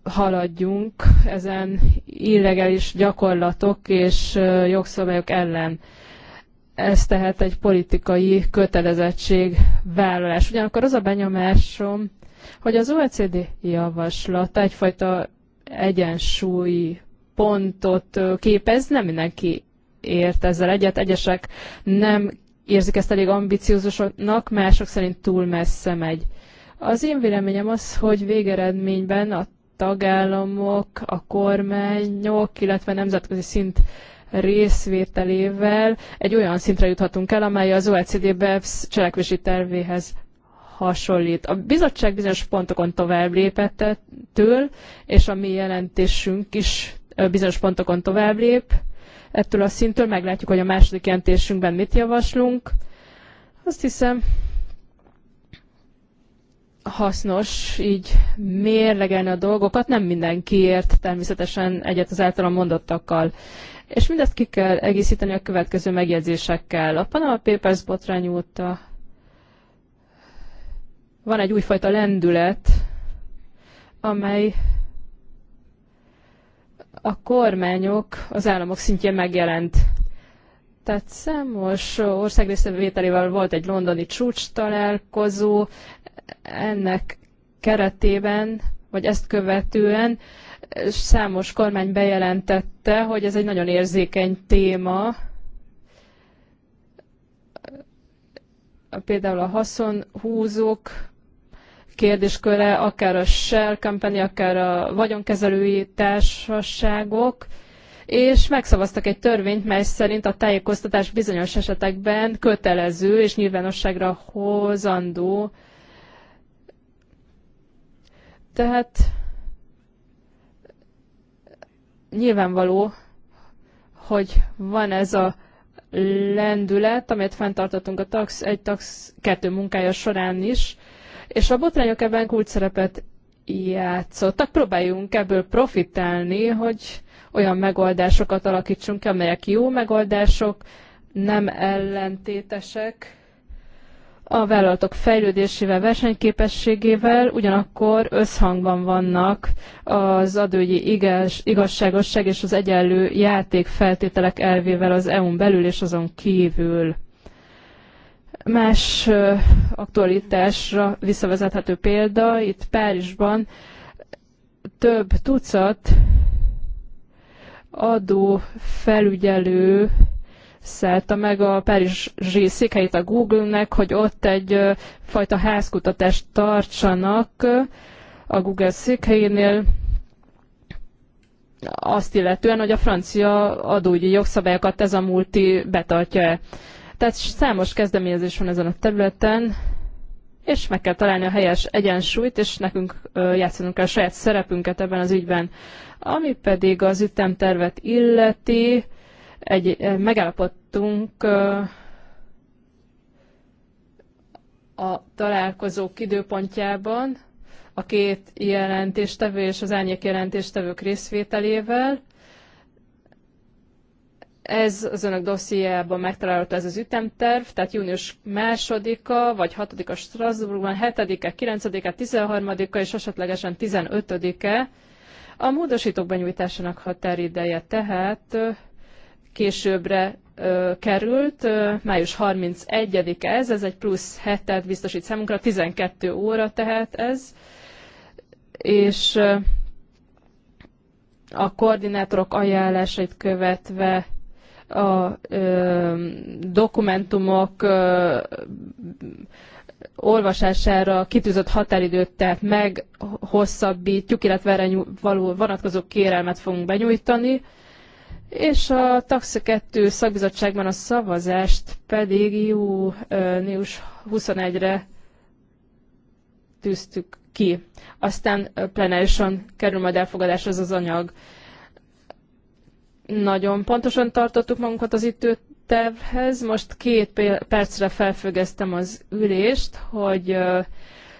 haladjunk ezen illegális gyakorlatok és jogszabályok ellen. Ez tehát egy politikai kötelezettség vállalás. Ugyanakkor az a benyomásom, hogy az OECD javaslat egyfajta egyensúlyi pontot képez, nem mindenki ért ezzel egyet. Egyesek nem érzik ezt elég ambiciózusnak, mások szerint túl messze megy. Az én véleményem az, hogy végeredményben a tagállamok, a kormányok, illetve nemzetközi szint részvételével egy olyan szintre juthatunk el, amely az OECD BEPS cselekvési tervéhez hasonlít. A bizottság bizonyos pontokon tovább lépett ettől, és a mi jelentésünk is bizonyos pontokon tovább lép ettől a szintől. Meglátjuk, hogy a második jelentésünkben mit javaslunk. Azt hiszem, hasznos így mérlegelni a dolgokat, nem mindenkiért természetesen egyet az általam mondottakkal. És mindezt ki kell egészíteni a következő megjegyzésekkel. A Panama Papers botrány óta van egy újfajta lendület, amely a kormányok az államok szintjén megjelent. Tetszem. Most ország részvételével volt egy londoni csúcs találkozó, ennek keretében, vagy ezt követően számos kormány bejelentette, hogy ez egy nagyon érzékeny téma, például a haszonhúzók kérdésköre, akár a Shell Company, akár a vagyonkezelői társaságok, és megszavaztak egy törvényt, mely szerint a tájékoztatás bizonyos esetekben kötelező és nyilvánosságra hozandó. Tehát nyilvánvaló, hogy van ez a lendület, amit fenntartottunk a tax, egy tax kettő munkája során is, és a botrányok ebben kulcs szerepet játszottak. Próbáljunk ebből profitálni, hogy olyan megoldásokat alakítsunk ki, amelyek jó megoldások, nem ellentétesek a vállalatok fejlődésével, versenyképességével, ugyanakkor összhangban vannak az adőgyi igazságosság és az egyenlő játékfeltételek elvével az EU-n belül és azon kívül. Más aktualitásra visszavezethető példa, itt Párizsban több tucat adó felügyelő szállta meg a Párizsi székhelyét a Google-nek, hogy ott egy fajta házkutatást tartsanak a Google székhelyénél, azt illetően, hogy a francia adóügyi jogszabályokat ez a multi betartja-e. Tehát számos kezdeményezés van ezen a területen, és meg kell találni a helyes egyensúlyt, és nekünk játszanunk kell a saját szerepünket ebben az ügyben. Ami pedig az ütemtervet illeti, egy, megállapodtunk a találkozók időpontjában a két jelentéstevő és az árnyék jelentéstevők részvételével, ez az önök dossziéjában megtalálható ez az ütemterv, tehát június másodika, vagy hatodika Strasbourgban, hetedike, kilencedike, tizenharmadika és esetlegesen tizenötödike. A módosítók benyújtásának határideje tehát későbbre ö, került, ö, május 31-e ez, ez egy plusz hetet biztosít számunkra, 12 óra tehát ez, és ö, a koordinátorok ajánlásait követve a ö, dokumentumok ö, olvasására kitűzött határidőt, tehát meghosszabbítjuk, illetve erre való vonatkozó kérelmet fogunk benyújtani, és a Taxi 2 szakbizottságban a szavazást pedig június 21-re tűztük ki. Aztán plenárisan kerül majd elfogadásra az az anyag. Nagyon pontosan tartottuk magunkat az itt tervhez. Most két percre felfüggesztem az ülést, hogy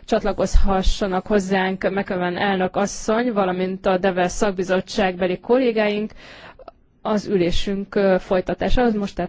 csatlakozhassanak hozzánk Meköven elnök asszony, valamint a Devel szakbizottságbeli kollégáink. Az ülésünk folytatása az most tehát